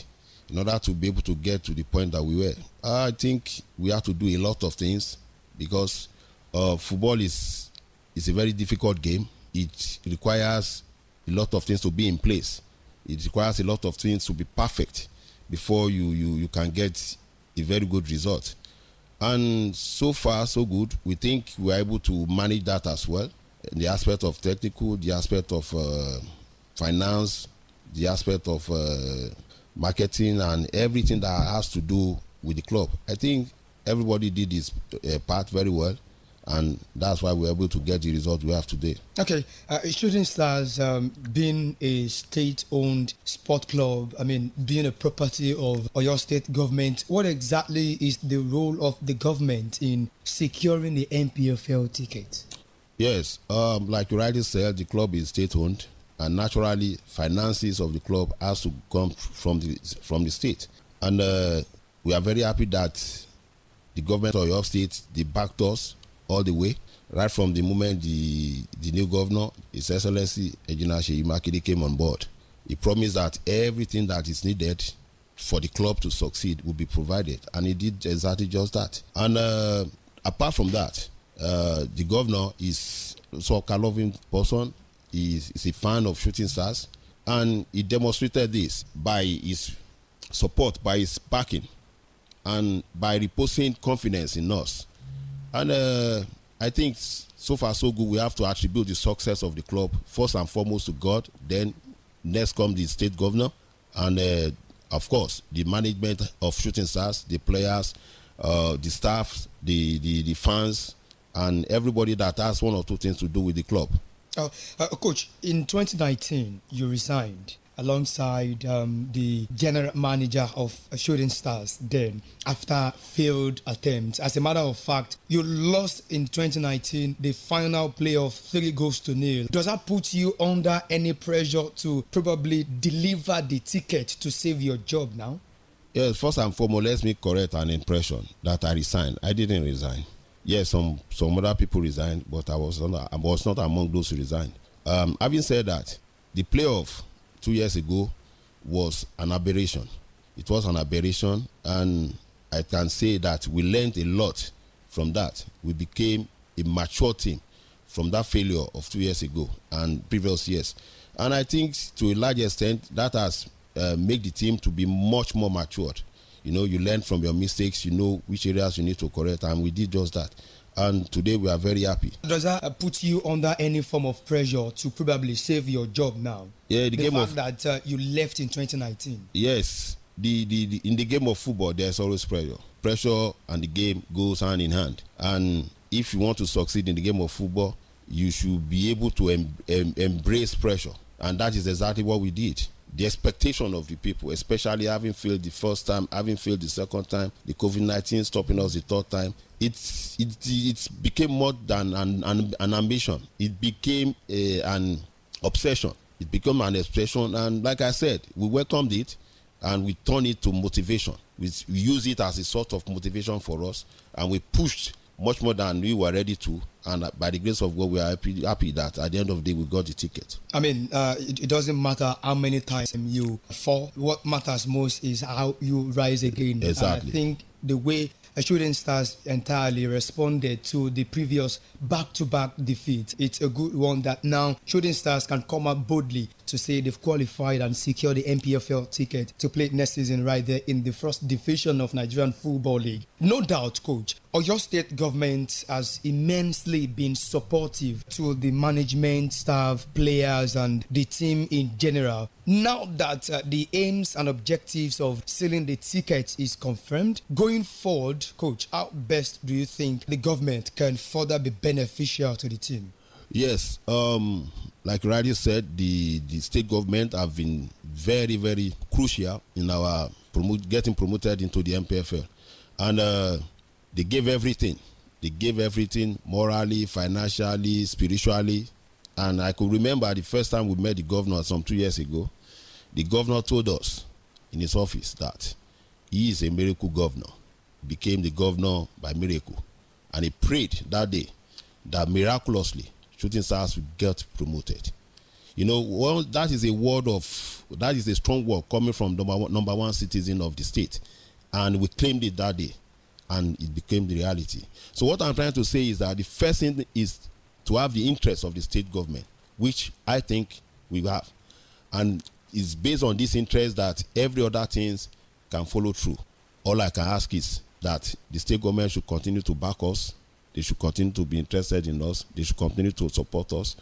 in order to be able to get to the point that we were, I think we had to do a lot of things because uh, football is is a very difficult game. It requires a lot of things to be in place. It requires a lot of things to be perfect before you you, you can get a very good result. And so far, so good. We think we are able to manage that as well the aspect of technical, the aspect of uh, finance, the aspect of uh, marketing, and everything that has to do with the club. I think everybody did his uh, part very well, and that's why we're able to get the result we have today. Okay, Shooting uh, Stars um, being a state-owned sport club, I mean, being a property of your State government, what exactly is the role of the government in securing the MPFL ticket? Yes, um, like you rightly said, the club is state-owned, and naturally, finances of the club has to come from the from the state. And uh, we are very happy that the government of your state they backed us all the way, right from the moment the the new governor, His Excellency Ejina Sheyimakide, came on board. He promised that everything that is needed for the club to succeed will be provided, and he did exactly just that. And uh, apart from that uh, the governor is so a loving person. He is, a fan of shooting stars, and he demonstrated this by his support, by his backing, and by reposing confidence in us. And uh, I think so far so good. We have to attribute the success of the club first and foremost to God. Then next comes the state governor, and uh, of course the management of shooting stars, the players, uh, the staff, the, the the fans, and everybody that has one or two things to do with the club. Uh, uh, Coach, in 2019, you resigned alongside um, the general manager of Shooting Stars then after failed attempts. As a matter of fact, you lost in 2019 the final playoff three goals to nil. Does that put you under any pressure to probably deliver the ticket to save your job now? Yes, first and foremost, let me correct an impression that I resigned. I didn't resign yes, some some other people resigned, but I was not I was not among those who resigned. Um, having said that, the playoff two years ago was an aberration. It was an aberration, and I can say that we learned a lot from that. We became a mature team from that failure of two years ago and previous years, and I think to a large extent that has uh, made the team to be much more matured. you know you learn from your mistakes you know which areas you need to correct and we did just that and today we are very happy. Does that put you under any form of pressure to probably save your job now? Yeah, the, the game fact that uh, you left in 2019. Yes, the, the, the in the game of football there's always pressure. Pressure and the game goes hand in hand. And if you want to succeed in the game of football, you should be able to em em embrace pressure, and that is exactly what we did. the expectation of the people, especially having failed the first time, having failed the second time, the COVID 19 stopping us the third time, it's, it, it became more than an, an, an ambition. It became a, an obsession. It became an obsession. And like I said, we welcomed it and we turned it to motivation. We, we use it as a sort of motivation for us and we pushed much more than we were ready to. And uh, by the grace of God, we are happy, happy that at the end of the day, we got the ticket. I mean, uh, it, it, doesn't matter how many times you fall. What matters most is how you rise again. Exactly. And I think the way shooting stars entirely responded to the previous back-to-back defeat. It's a good one that now shooting stars can come up boldly to say they've qualified and secured the MPFL ticket to play next season right there in the first division of Nigerian Football League. No doubt, coach, your state government has immensely been supportive to the management, staff, players, and the team in general. Now that uh, the aims and objectives of selling the ticket is confirmed, going forward, coach, how best do you think the government can further be beneficial to the team? Yes, um, like Radi said, the, the state government have been very, very crucial in our promote, getting promoted into the MPFL. And uh, they gave everything. They gave everything morally, financially, spiritually. And I could remember the first time we met the governor some two years ago, the governor told us in his office that he is a miracle governor, became the governor by miracle. And he prayed that day that miraculously shooting stars will get promoted. You know, well, that is a word of that is a strong word coming from number one, number one citizen of the state, and we claimed it that day, and it became the reality. So what I'm trying to say is that the first thing is to have the interest of the state government, which I think we have, and it's based on this interest that every other things can follow through. All I can ask is that the state government should continue to back us They should continue to be interested in us. They should continue to support us.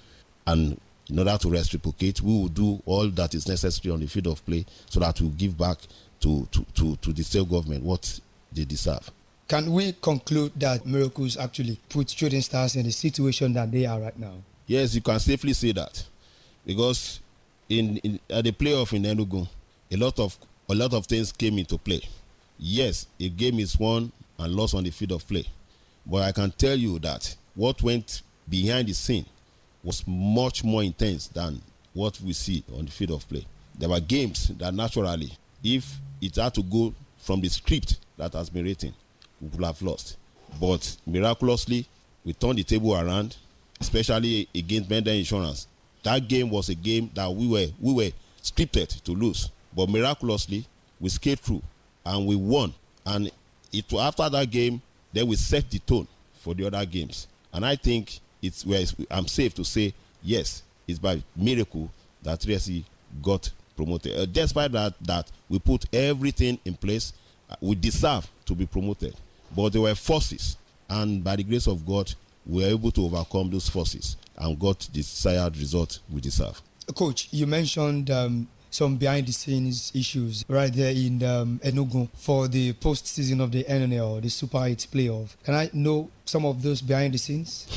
And in order to reciprocate, we will do all that is necessary on the field of play so that we give back to, to, to, to the state government what they deserve. Can we conclude that miracles actually put shooting stars in the situation that they are right now? Yes, you can safely say that because in, in at the playoff in Enugu, a lot of a lot of things came into play. Yes, a game is won and lost on the field of play. But I can tell you that what went behind the scene was much more intense than what we see on the field of play. There were games that naturally, if it had to go from the script that has been written, we would have lost. But miraculously, we turned the table around, especially against Mender Insurance. That game was a game that we were we were scripted to lose, but miraculously we skated through and we won. And it after that game, they will set the tone for the other games. And I think it's where it's, I'm safe to say, yes, it's by miracle that TSC got promoted. Uh, despite that, that we put everything in place, uh, we deserve to be promoted. But there were forces, and by the grace of God, we were able to overcome those forces and got the desired result we deserve. Coach, you mentioned um, some behind the scenes issues right there in um, Enugu for the post season of the NNL, the Super 8 playoff. Can I know some of those behind the scenes?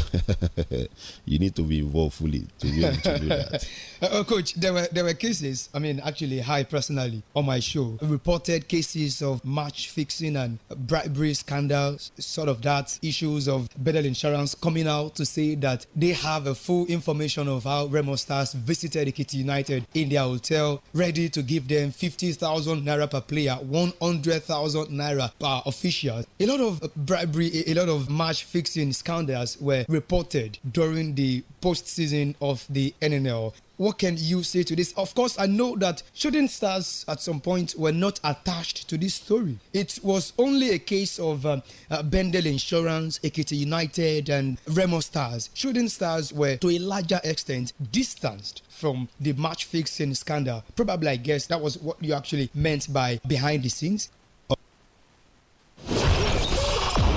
you need to be involved fully to be able to do that. uh, Coach, there were there were cases. I mean, actually, I personally on my show reported cases of match fixing and bribery scandals, sort of that issues of Betel Insurance coming out to say that they have a full information of how Remo Stars visited Ekiti United in their hotel, ready to give them fifty thousand naira per player, one hundred thousand naira per official. A lot of bribery, a lot of match match fixing scandals were reported during the postseason of the NNL. What can you say to this? Of course, I know that shooting stars at some point were not attached to this story. It was only a case of um, uh, Bendel Insurance, Ekiti United, and Remo Stars. Shooting stars were, to a larger extent, distanced from the match fixing scandal. Probably, I guess, that was what you actually meant by behind the scenes.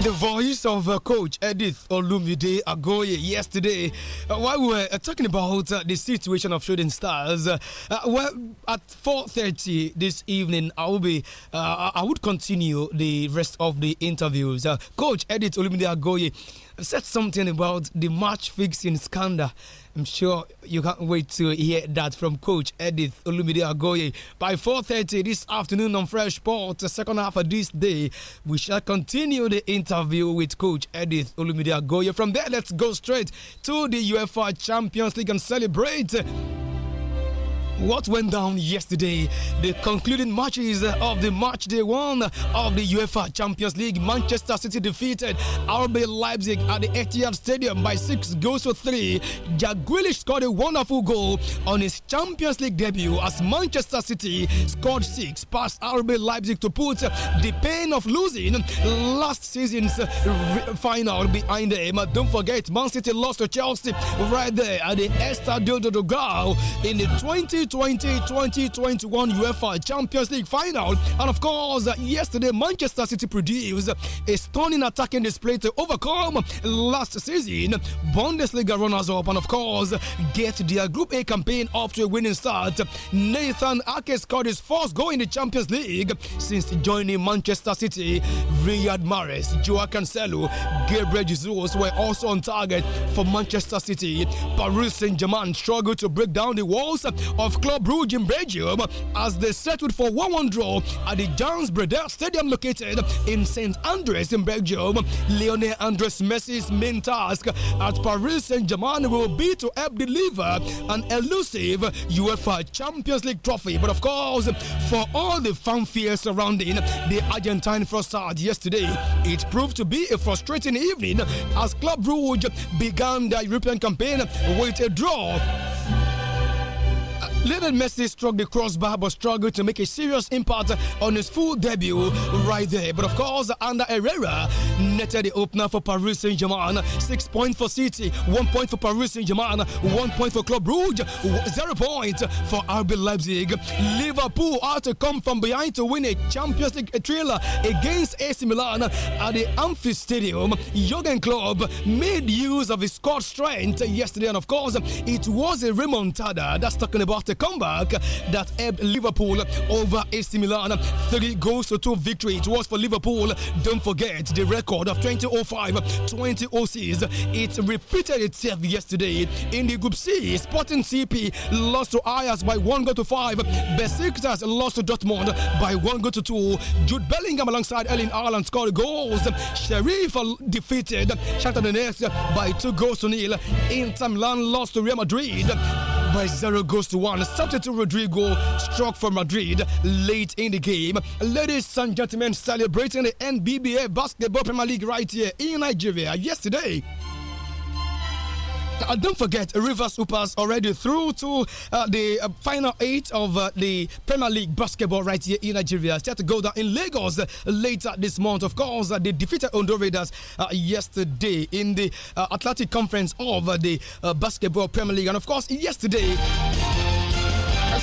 The voice of uh, Coach Edith Olumide Agoye yesterday, uh, while we were uh, talking about uh, the situation of shooting stars, uh, uh, well, at 4:30 this evening, I will be, I would continue the rest of the interviews. Coach Edith Olumide Agoye said something about the match fixing scandal. I'm sure you can't wait to hear that from Coach Edith Olumide Agoye. By 4.30 this afternoon on Fresh Port, the second half of this day, we shall continue the interview with Coach Edith Olumide Agoye. From there, let's go straight to the UEFA Champions League and celebrate what went down yesterday. The concluding matches of the match day one of the UEFA Champions League. Manchester City defeated RB Leipzig at the Etihad Stadium by six goals to three. Jack scored a wonderful goal on his Champions League debut as Manchester City scored six past RB Leipzig to put the pain of losing last season's final behind them. Don't forget, Man City lost to Chelsea right there at the Estadio do Dragao in the 20 2020-2021 UEFA Champions League final. And of course, yesterday Manchester City produced a stunning attacking display to overcome last season Bundesliga runners-up and of course get their Group A campaign off to a winning start. Nathan Ake scored his first goal in the Champions League since joining Manchester City. Riyad Mahrez, Joao Cancelo, Gabriel Jesus were also on target for Manchester City. Paris Saint-Germain struggled to break down the walls of Club Brugge in Belgium as they settled for 1 1 draw at the Jans Breda Stadium located in St. Andres in Belgium. Lionel Andres Messi's main task at Paris Saint Germain will be to help deliver an elusive UEFA Champions League trophy. But of course, for all the fanfare surrounding the Argentine first yesterday, it proved to be a frustrating evening as Club Brugge began their European campaign with a draw. Lionel Messi struck the crossbar but struggled to make a serious impact on his full debut right there. But of course, Ander Herrera netted the opener for Paris Saint Germain. Six points for City, one point for Paris Saint Germain, one point for Club Brugge, zero point for RB Leipzig. Liverpool are to come from behind to win a Champions League thriller against AC Milan at the Amphi Stadium. Jurgen Klopp made use of his squad strength yesterday, and of course, it was a remontada. That's talking about the comeback that helped Liverpool over AC Milan. Three goals to two victory. It was for Liverpool. Don't forget the record of 2005 2006. It repeated itself yesterday in the Group C. Sporting CP lost to Ayers by one goal to five. Besiktas lost to Dortmund by one goal to two. Jude Bellingham alongside Ellen Ireland scored goals. Sheriff defeated Shakhtar Donetsk by two goals to nil. Inter Milan lost to Real Madrid by zero goes to one. Substitute Rodrigo struck for Madrid late in the game. Ladies and gentlemen, celebrating the NBBA Basketball Premier League right here in Nigeria yesterday. Uh, don't forget, Rivers Hoopers already through to uh, the uh, final eight of uh, the Premier League basketball right here in Nigeria. Set to go down in Lagos uh, later this month. Of course, uh, they defeated Ondo Raiders yesterday in the Atlantic Conference of the Basketball Premier League. And of course, yesterday.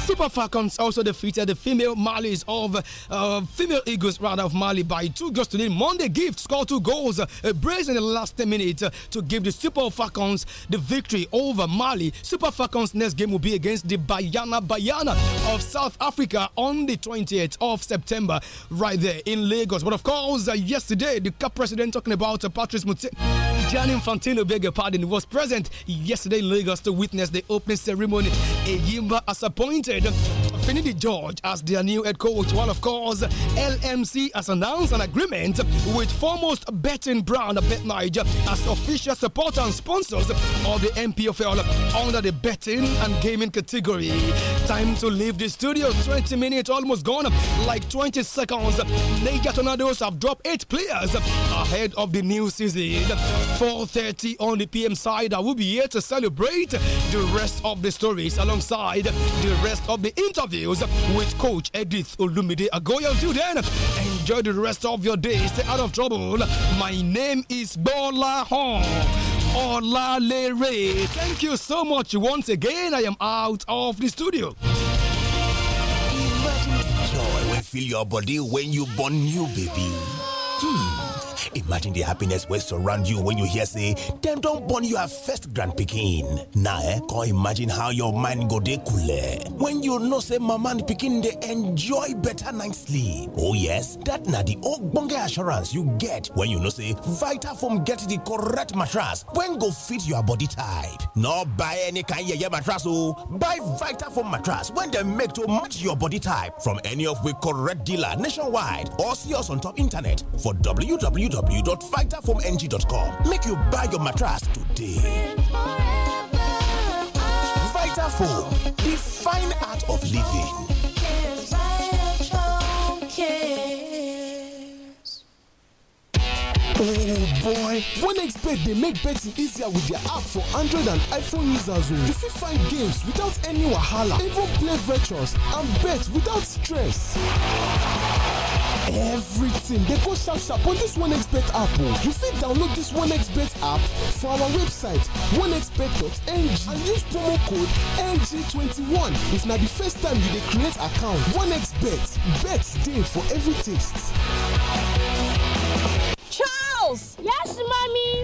Super Falcons also defeated the female Malis of uh, female Eagles rather of Mali by two goals today. Monday Gift scored two goals, a uh, brace in the last 10 minutes uh, to give the Super Falcons the victory over Mali. Super Falcons next game will be against the Bayana Bayana of South Africa on the 28th of September, right there in Lagos. But of course, uh, yesterday the cup president talking about uh, Patrice Mutsi. Gianni Infantino, beg your pardon, was present yesterday in Lagos to witness the opening ceremony. Eyimba appointed appointed Finidi George as their new head coach, while, of course, LMC has announced an agreement with foremost betting brand BetNige as official supporter and sponsors of the MPFL under the betting and gaming category. Time to leave the studio. 20 minutes almost gone, like 20 seconds. Niger Tornadoes have dropped eight players ahead of the new season. 4:30 on the PM side. I will be here to celebrate the rest of the stories alongside the rest of the interviews with Coach Edith Olumide Agoya. Until then, enjoy the rest of your day. Stay out of trouble. My name is Bola Hong. Olalere. Thank you so much once again. I am out of the studio. joy will fill your body when you born new baby. Imagine the happiness wey surround you when you hear say dem don born your first picking." Na eh, Can imagine how your mind go dey when you know say mama and de enjoy better night sleep. Oh yes, that na the ogbonge assurance you get when you know say Vitafoam get the correct mattress when go fit your body type. No buy any kind yeye mattress oh? buy Vitafoam mattress when they make to match your body type from any of we correct dealer nationwide or see us on top internet for www www.vitafoamng.com. Make you buy your mattress today. Vitafoam, the fine art of living. oh boy onexbet They make betting easier with their app for android and iphone users o oh. you fit find games without any wahala even play virtuals and bet without stress everything They go sharp sharp on one onexbet app o oh, you see, download one onexbet app for our website onexbet.ng and use promo code ng21 if not the first time you create account onexbet bet day for every taste. charles yes ma.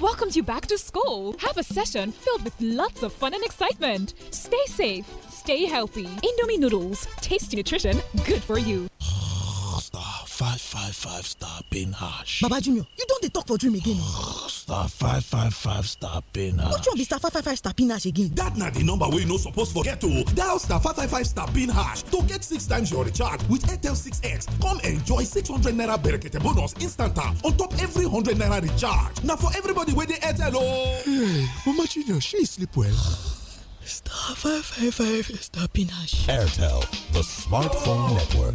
welcomes you back to school. Have a session filled with lots of fun and excitement. Stay safe, Stay healthy. Indomie noodles, tasty nutrition, good for you. star five five five star pin hash. Baba jr you don't talk for dream again star five five five star pin hash. Which one be star five five five star pin hash again? That not the number we you supposed to forget to. Dial star five five five star pin hash to get six times your recharge with Airtel 6x come enjoy six hundred naira berekete bonus instant ah on top every hundred naira recharge. Now for everybody wey dey Airtel o. Hey mama junior she sleep well? Star 555 is the pinash. Airtel, the smartphone network.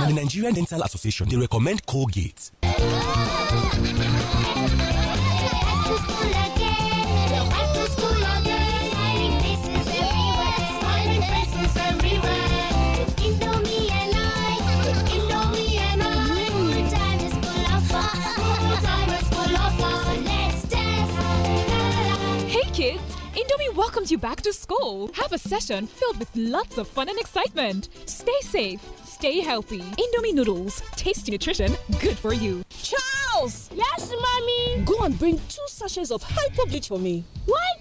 now, the Nigerian Dental Association, they recommend Colgate. kids! Indomie welcomes you back to school. Have a session filled with lots of fun and excitement. Stay safe Stay healthy. Indomie noodles, tasty nutrition, good for you. Charles! Yes, mommy? Go and bring two sachets of hyper bleach for me. Why?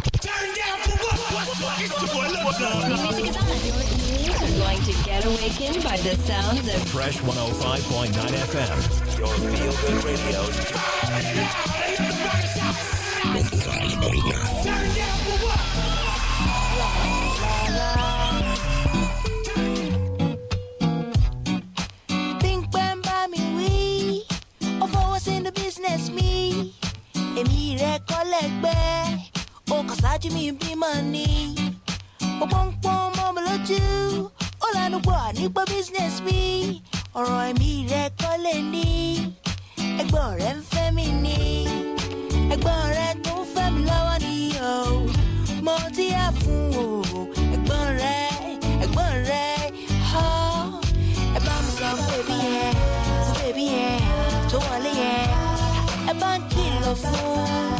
Turn down Music going to get awakened by the sounds of Fresh 105.9 FM. Your feel good radio. Turn down Think when me of in the business me, okasachi mi bí mani pọpọnpọn mọmọ lójú ó lanu i nípa business mi ọ̀rọ̀ ẹ̀mí business kọ́ lè I ẹ̀gbọ́n rẹ ń fẹ́ mi ní ẹ̀gbọ́n rẹ tó ń and mi lọ́wọ́ ni o mo ti yà fún o ẹ̀gbọ́n rẹ ẹ̀gbọ́n rẹ ọ ẹ bá mi sọ fún bèbí yẹn fún bèbí yẹn tó wọlé yẹn ẹ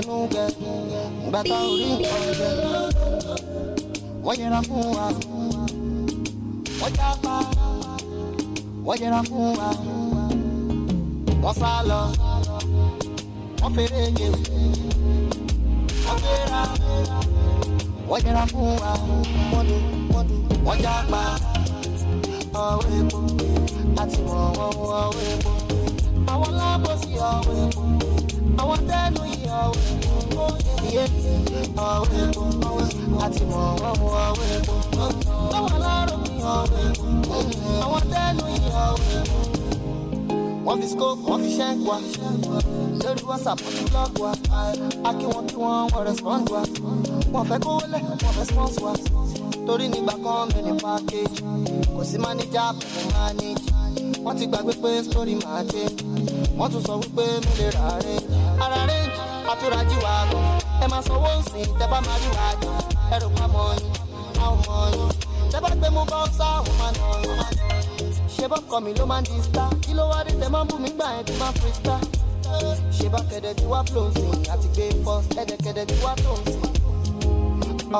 tẹnu jẹ ìgbà tá orí nǹkan jẹ wọ́n yẹra fún wa wọ́n já pa wọ́n yẹra fún wa wọ́n sá lọ wọ́n fèrè yẹ wọ́n fẹ́ra wọ́n yẹra fún wa wọ́n já pa ọwọ́ epo àti wọ́n wọ́n ọwọ́ epo àwọn lábọ̀ sí ọwọ́ epo àwọn tẹ́nu yẹ àti mọ̀ ọ̀wọ̀ ọ̀wẹ̀ lọ́wọ́ ọlọ́run mi ọ̀wẹ̀ àwọn tẹ́nu yìí ọ̀wẹ̀ wọ́n fi scope wọ́n fi ṣẹ́ wa lórí whatsapp wọ́n fi blog wa a kí wọn wọ́n respond wa wọ́n fẹ́ kówó lẹ̀ wọ́n fẹ́ sponsor wa torí nígbà kan mi package kò sí manager pẹ̀lú manage wọ́n ti gbàgbé pé story máa jẹ́ wọ́n tún sọ wípé mi lè rà á túra jí wa lọ ẹ máa sanwó nsìn tẹ bá máa rí wa jọ ẹ rò pa mọyìn a ò mọyìn tẹ bá gbé mú bọ́ọ̀sà ò máa nà ọ̀yìn ṣé bọ́kọ mi ló máa ń di star kí ló wá rí tẹ máa ń bú mi gbà yẹn tí máa ń fi star ṣé bá kẹ̀dẹ̀ tí wá flow nsìn àti gbé first ẹ̀dẹ̀kẹ̀dẹ̀ tí wá tó nsìn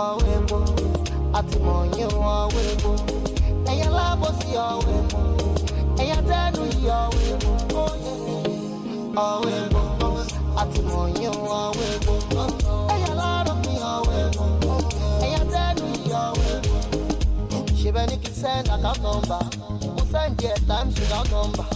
ọ̀wé epo àti mọ̀yìn ọ̀wé epo ẹ̀yà láàbò sí ọ̀wé epo ẹ̀yà tẹ́nu yìí ọ̀wé àti mọ̀ yín ọwọ́ epo. ẹ̀yà lọ́rùn mi ọwọ́ epo. ẹ̀yà tẹ́nu mi ọwọ́ epo. ṣèbẹ̀ ní kí send account number. mo send yẹ times without number.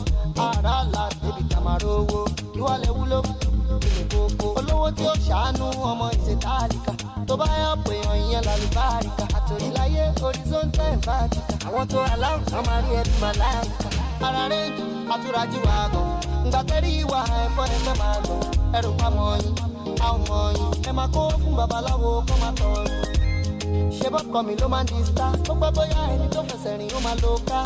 ara la débi kàmáró owó kí wàá lè wúlò kíni kókó. olówó tí ó ṣàánú ọmọ ìṣètàlíkà. tó bá yà pé ọ̀yìn lálùbáríkà. àtòríláyé horizontal vertical. àwọn tó aláwọ̀ kan máa rí ẹbí màláìka. ara rẹ̀ ń àtúrájú wa gan. ǹgbà tẹ́rí wa ẹ̀fọ́ ẹ̀fẹ́ máa lọ ẹrù pa mọ̀ yín àwọn mọ̀ yín ẹ máa kó fún babaláwo kó máa tọ̀ yín ṣé bọ́kọ mi ló máa ń di star ó gbọ́ bóyá ẹni tó fẹsẹ̀ rìn ó máa lo ká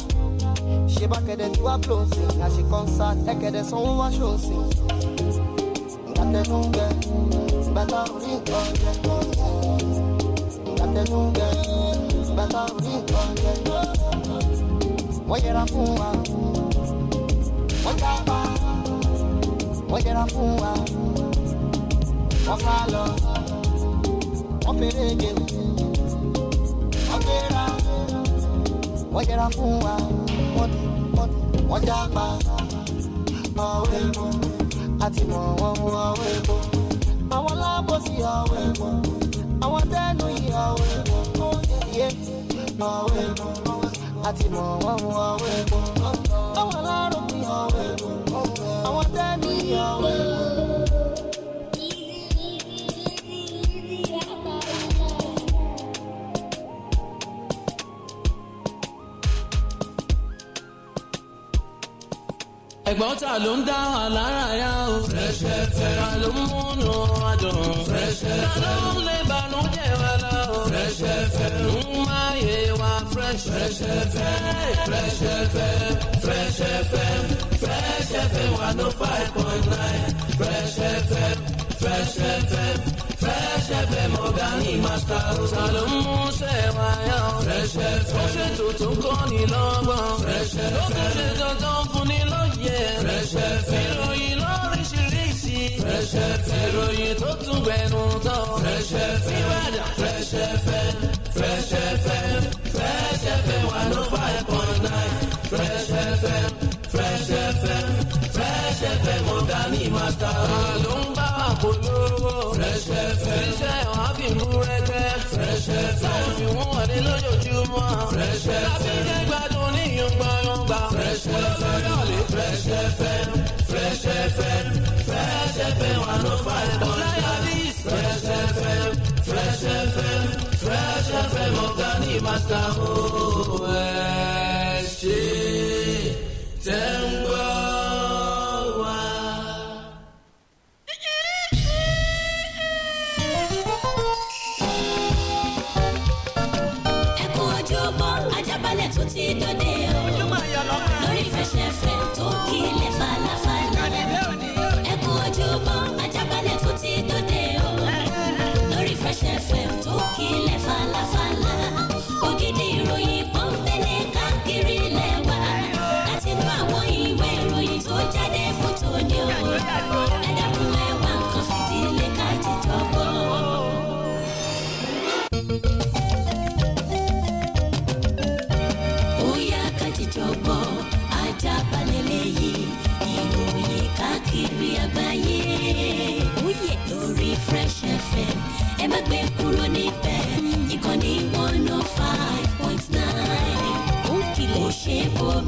ṣé bá kẹ̀dẹ̀ tí wàá blow sí àṣì concert ẹ kẹ̀dẹ̀ sanwó wá ṣó sí ìgbàtẹ́dún gẹ bàtà orí nǹkan jẹ ìgbàtẹ́dún gẹ bàtà orí nǹkan jẹ wọ́n yẹra fún wa. wọ́n yẹra fún wa wọ́n fà lọ wọ́n fèrè jẹ wọ́n gbéra wọ́n yẹra fún wa wọ́n jápa ọ̀wé mọ́ àti mọ̀ wọ́n mú ọ̀wé mọ́ àwọn lábòsí ọ̀wé mọ́ àwọn tẹ́nu yìí ọ̀wé mọ́ ó yẹ ọ̀wé mọ́ àti mọ̀ wọ́n mú ọ̀wé mọ́ àwọn aláròkè ọ̀wé mọ́ àwọn tẹ́mi àwẹ̀ mọ́. ẹ̀gbọ́n ta ló ń dá wa lára yá o. Fresh FM. ta ló ń múnú wa dùn. Fresh FM. ta ló ń lé ìbànújẹ́ wa lọ. Fresh FM. Fresh FM Fresh FM Fresh FM Fresh FM one oh five point nine Fresh FM Fresh FM Fresh FM ọ̀gá ni màtà ọ̀sán ló ń mú sẹ́wà yọ. Fresh FM ó ṣe tuntun kọ́ ni lọ́gbọ̀n. Fresh FM ló kẹ́ ṣe dandan fún ni lóye. Fresh FM ìròyìn lóríṣiríṣi. Fresh FM ìròyìn tó tún gbẹnu tán. Fresh FM Ìbàdàn Fresh FM Fresh FM fresh fm fresh fm fresh fm fresh fm ọ̀gá ni màtá. ló ń bá wa fresh fm fresh fm fresh fm láti jẹ́ gbádùn ní fresh fm fresh fm fresh fm fresh fm one oh five point nine. master o ẹ ṣe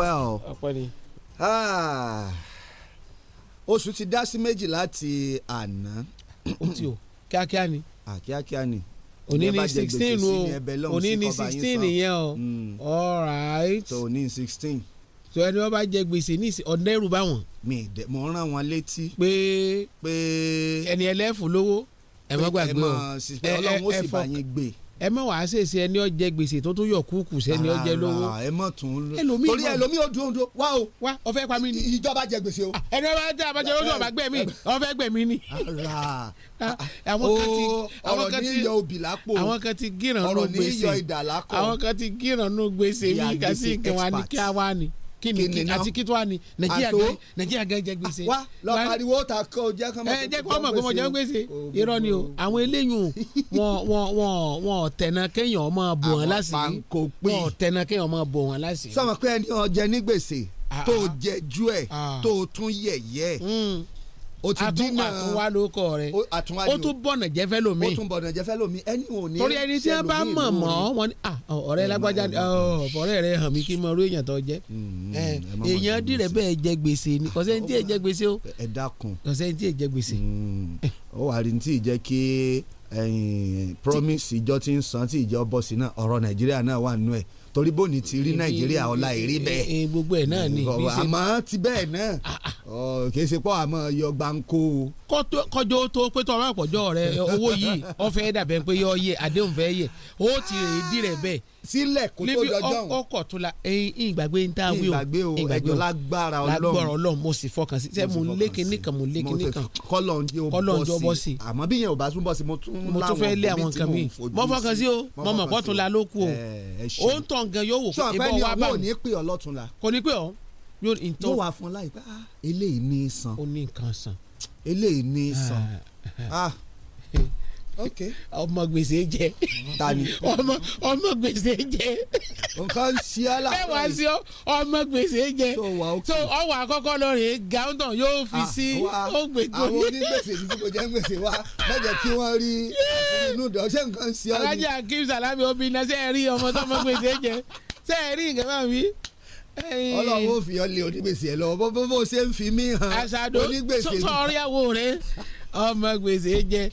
Well, o ah, oṣù ti dá sí méjì láti àná. ó ti o kíákíá ni. Ah, kíákíá ni. òní ni sixteen o òní ni sixteen yẹn o hmm. all right. so òní ni sixteen. so ẹni wọn bá jẹ gbèsè ní ìsìn ọ̀dẹ́ ẹrù bá wọn. mi dẹ mo rán wọn létí. pé pé ẹni ẹlẹ́fù lówó ẹ má gbàgbé o ẹ ẹ fọ ẹ mọ wàá ṣèṣe ẹni ọjẹ gbèsè tó tún yọ kúkú sẹni ọjẹ lówó ah, ẹ mọ tún lọ torí ẹlòmíì ó dúró dúró wá o wá ọfẹ pa mí ni ìjọba jẹ gbèsè o ah, ẹni ọba tẹ abajẹ lójú ọba gbẹ mí ọfẹ gbẹ mí ni. Ah, àwọn kan oh, ti yọ obì lápò àwọn kan ti gíràn nù gbèsè àwọn kan ti gíràn nù gbèsè mí kàsí ìkẹwàá ní kí á wá ni. Kini, ni àti kí tó wà ní nàìjíríà gẹ́gẹ́ jẹ gbèsè. wá lọ pariwo ta kó jẹ́ kó mọ̀ kó jẹ́ gbèsè. ẹ jẹ́ kó mọ̀ kó mọ̀ jẹ́ gbèsè irọ́ ni o àwọn eléyìí wọn wọn wọn wọn kéèyàn ọmọ bò wọn lásìkò wọn tẹ̀nà kéèyàn ọmọ bò wọn lásìkò. sọ ma pé ẹni ọjẹ ní gbèsè ah, tó ah. jẹ ju ẹ ah. tó tún yẹ̀yẹ́ hmm o ti dínà àtúnwá ló kọ rẹ o tún bọ̀nà jẹ́fẹ́ lomi o tún bọ̀nà jẹ́fẹ́ lomi ẹni ò ní torí ẹni tí wọn bá mọ̀ mọ́ wọn ah, ni ọ̀rẹ́ lágbájá ọ̀rẹ́ rẹ hàn mí kí n mọ orú èèyàn tó jẹ́ mm-hmm. èèyàn dìrẹ̀ bẹ́ẹ̀ jẹ gbèsè ni kò sẹ́ni tí èèyàn jẹ gbèsè o ẹ dákun kò sẹ́ni tí èèyàn jẹ gbèsè. Mm. ó wà rí ní tí ì jẹ́ kí promise ìjọ ti ń san tí ìjọ bọ̀ sí náà ọ̀rọ̀ Nàìjíríà náà wà nínú ẹ̀ torí bóni ti rí nàìjíríà ọ̀la ìrí bẹ́ẹ̀. gbogbo ẹ̀ náà ni. àmọ́ ti bẹ́ẹ̀ náà ah, ah, ah. kì í ṣe pọ́ àmọ́ yọ gbáǹkó. kọjọ tó pé tọrọ àpọ̀jọ rẹ owó yìí ọ̀fẹ́ dàbẹ̀ pé yọ yẹ àdéhùn fẹ́ yẹ ó ti rèé dì rẹ̀ bẹ́ẹ̀ sílẹ̀ kó tó jọjọ́ òun. ọkọ̀ tó la ìgbàgbé ń tá a wí o ìgbàgbé o lágbára ọlọ́run mo sì fọkàn sí sẹ́ mo lé kinní mo lé kinní kan kọ́lọ́n jẹ́ bọ́ sí i àmọ́ bí yẹn ò bá tún bọ́ sí i mo tún láwọn nǹkan mi mo fọkàn sí o mo mọ̀ pọ́tún la ló kú o ó ń tàn gan yóò wò ìbọn wa bá mi kò ní pè ọ́ yóò ah ọmọ gbèsè jẹ tani ọmọ ọmọ gbèsè jẹ nǹkan ṣí àlà ẹ wá sí ọmọ gbèsè jẹ so ọwọ àkọ́kọ́ lọrin gaunton yóò fi ah, sí ògbègbè. àwọn onígbèsè ní kò jẹ́ gbèsè wa lọ́jọ́ kí wọ́n rí inú dọ̀ ṣé nǹkan ṣí àlà. alájà akim salami obìnrin ṣe é rí ọmọ tọmọ gbèsè jẹ ṣe é rí nǹkan máa wí ọlọ́run ò fi ọ lé onígbèsè ẹ lọ bó bó ṣe ń fi mí hàn onígbèsè. aṣáájú sọ ọrẹ àwo rẹ ọmọ gbèsè jẹ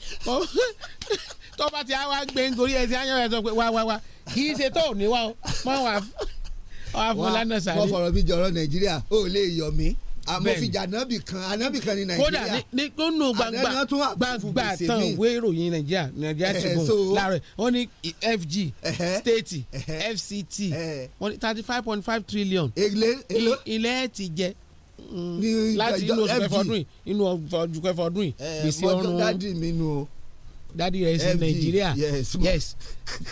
tó bá ti wá gbé ń gorí ẹsẹ̀ ayọ̀ ẹ̀ sọ pé wá wá wá kì í ṣe tó ò ní wá o mọ wà fún lánàá sáré. wọ́n fọ̀rọ̀ bí jọ̀rọ̀ nàìjíríà ó lè yọ̀ mí àmọ́ fìjà ànábì kan ànábì kan ní nàìjíríà kódà ní nínú gbangba gbangba tán ìwé ìròyìn nàìjíríà nàìjíríà Tribune láàrẹ wọ́n ní FG state FCT wọ́n ní thirty five point five trillion ilẹ̀ ti jẹ Mm. láti inú oṣù kẹfọdún yìí inú oṣù kẹfọdún yìí eh, gbèsè ọrùn dádì mi nu o dádì rẹ sí nàìjíríà yes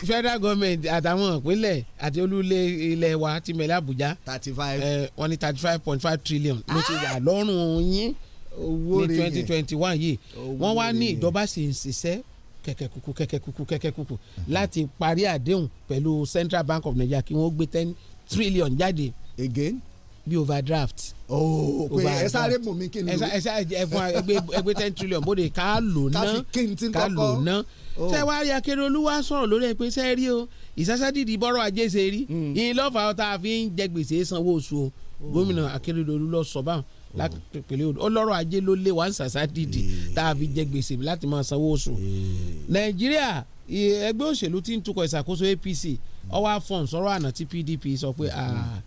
federal government àtàwọn ìpínlẹ̀ àti olúlé ilẹ̀ wa ti mẹ́lẹ̀ àbújá thirty five eh, wọ́n ní thirty five point five trillion ló ti wà lọ́rùn yín ní twenty twenty one yìí wọ́n wá ní ìjọba sì ń ṣiṣẹ́ kẹ̀kẹ́ kúkú kẹ̀kẹ́ kúkú kẹ̀kẹ́ kúkú mm-hmm. láti parí àdéhùn pẹ̀lú Central Bank of Nigeria kí wọ́n gbé ten trillion jáde. again bí overdraft. ooo oh, pé ẹ sáré mọ̀ mí kí n lò. ẹ sáré ẹfun ẹgbẹ́ ten trillion bóde ká lò ná ká lò ná. Oh. ṣé wàá rí akérèolú wá sọ̀rọ̀ lórí ẹ pé ṣe é rí o ìsásádìdì bọ́rọ̀ ajé ṣe rí ìlọ́fà hmm. ọ̀tá fi ń jẹ gbèsè sanwó oṣù o oh. gómìnà akérèdọ́lù lọ sọ báwọn lápẹ̀lẹ́ odò ọlọ́rọ̀ ajé ló lé wọn sásádìdì tá a fi jẹ gbèsè láti máa sanwó oṣù. nàìjíríà ẹgbẹ́ òṣèlú tí ń tukọ̀ ìṣàkóso APC ọwọ́ afọ̀n sọ̀rọ̀ àná tí PDP sọ pé ah,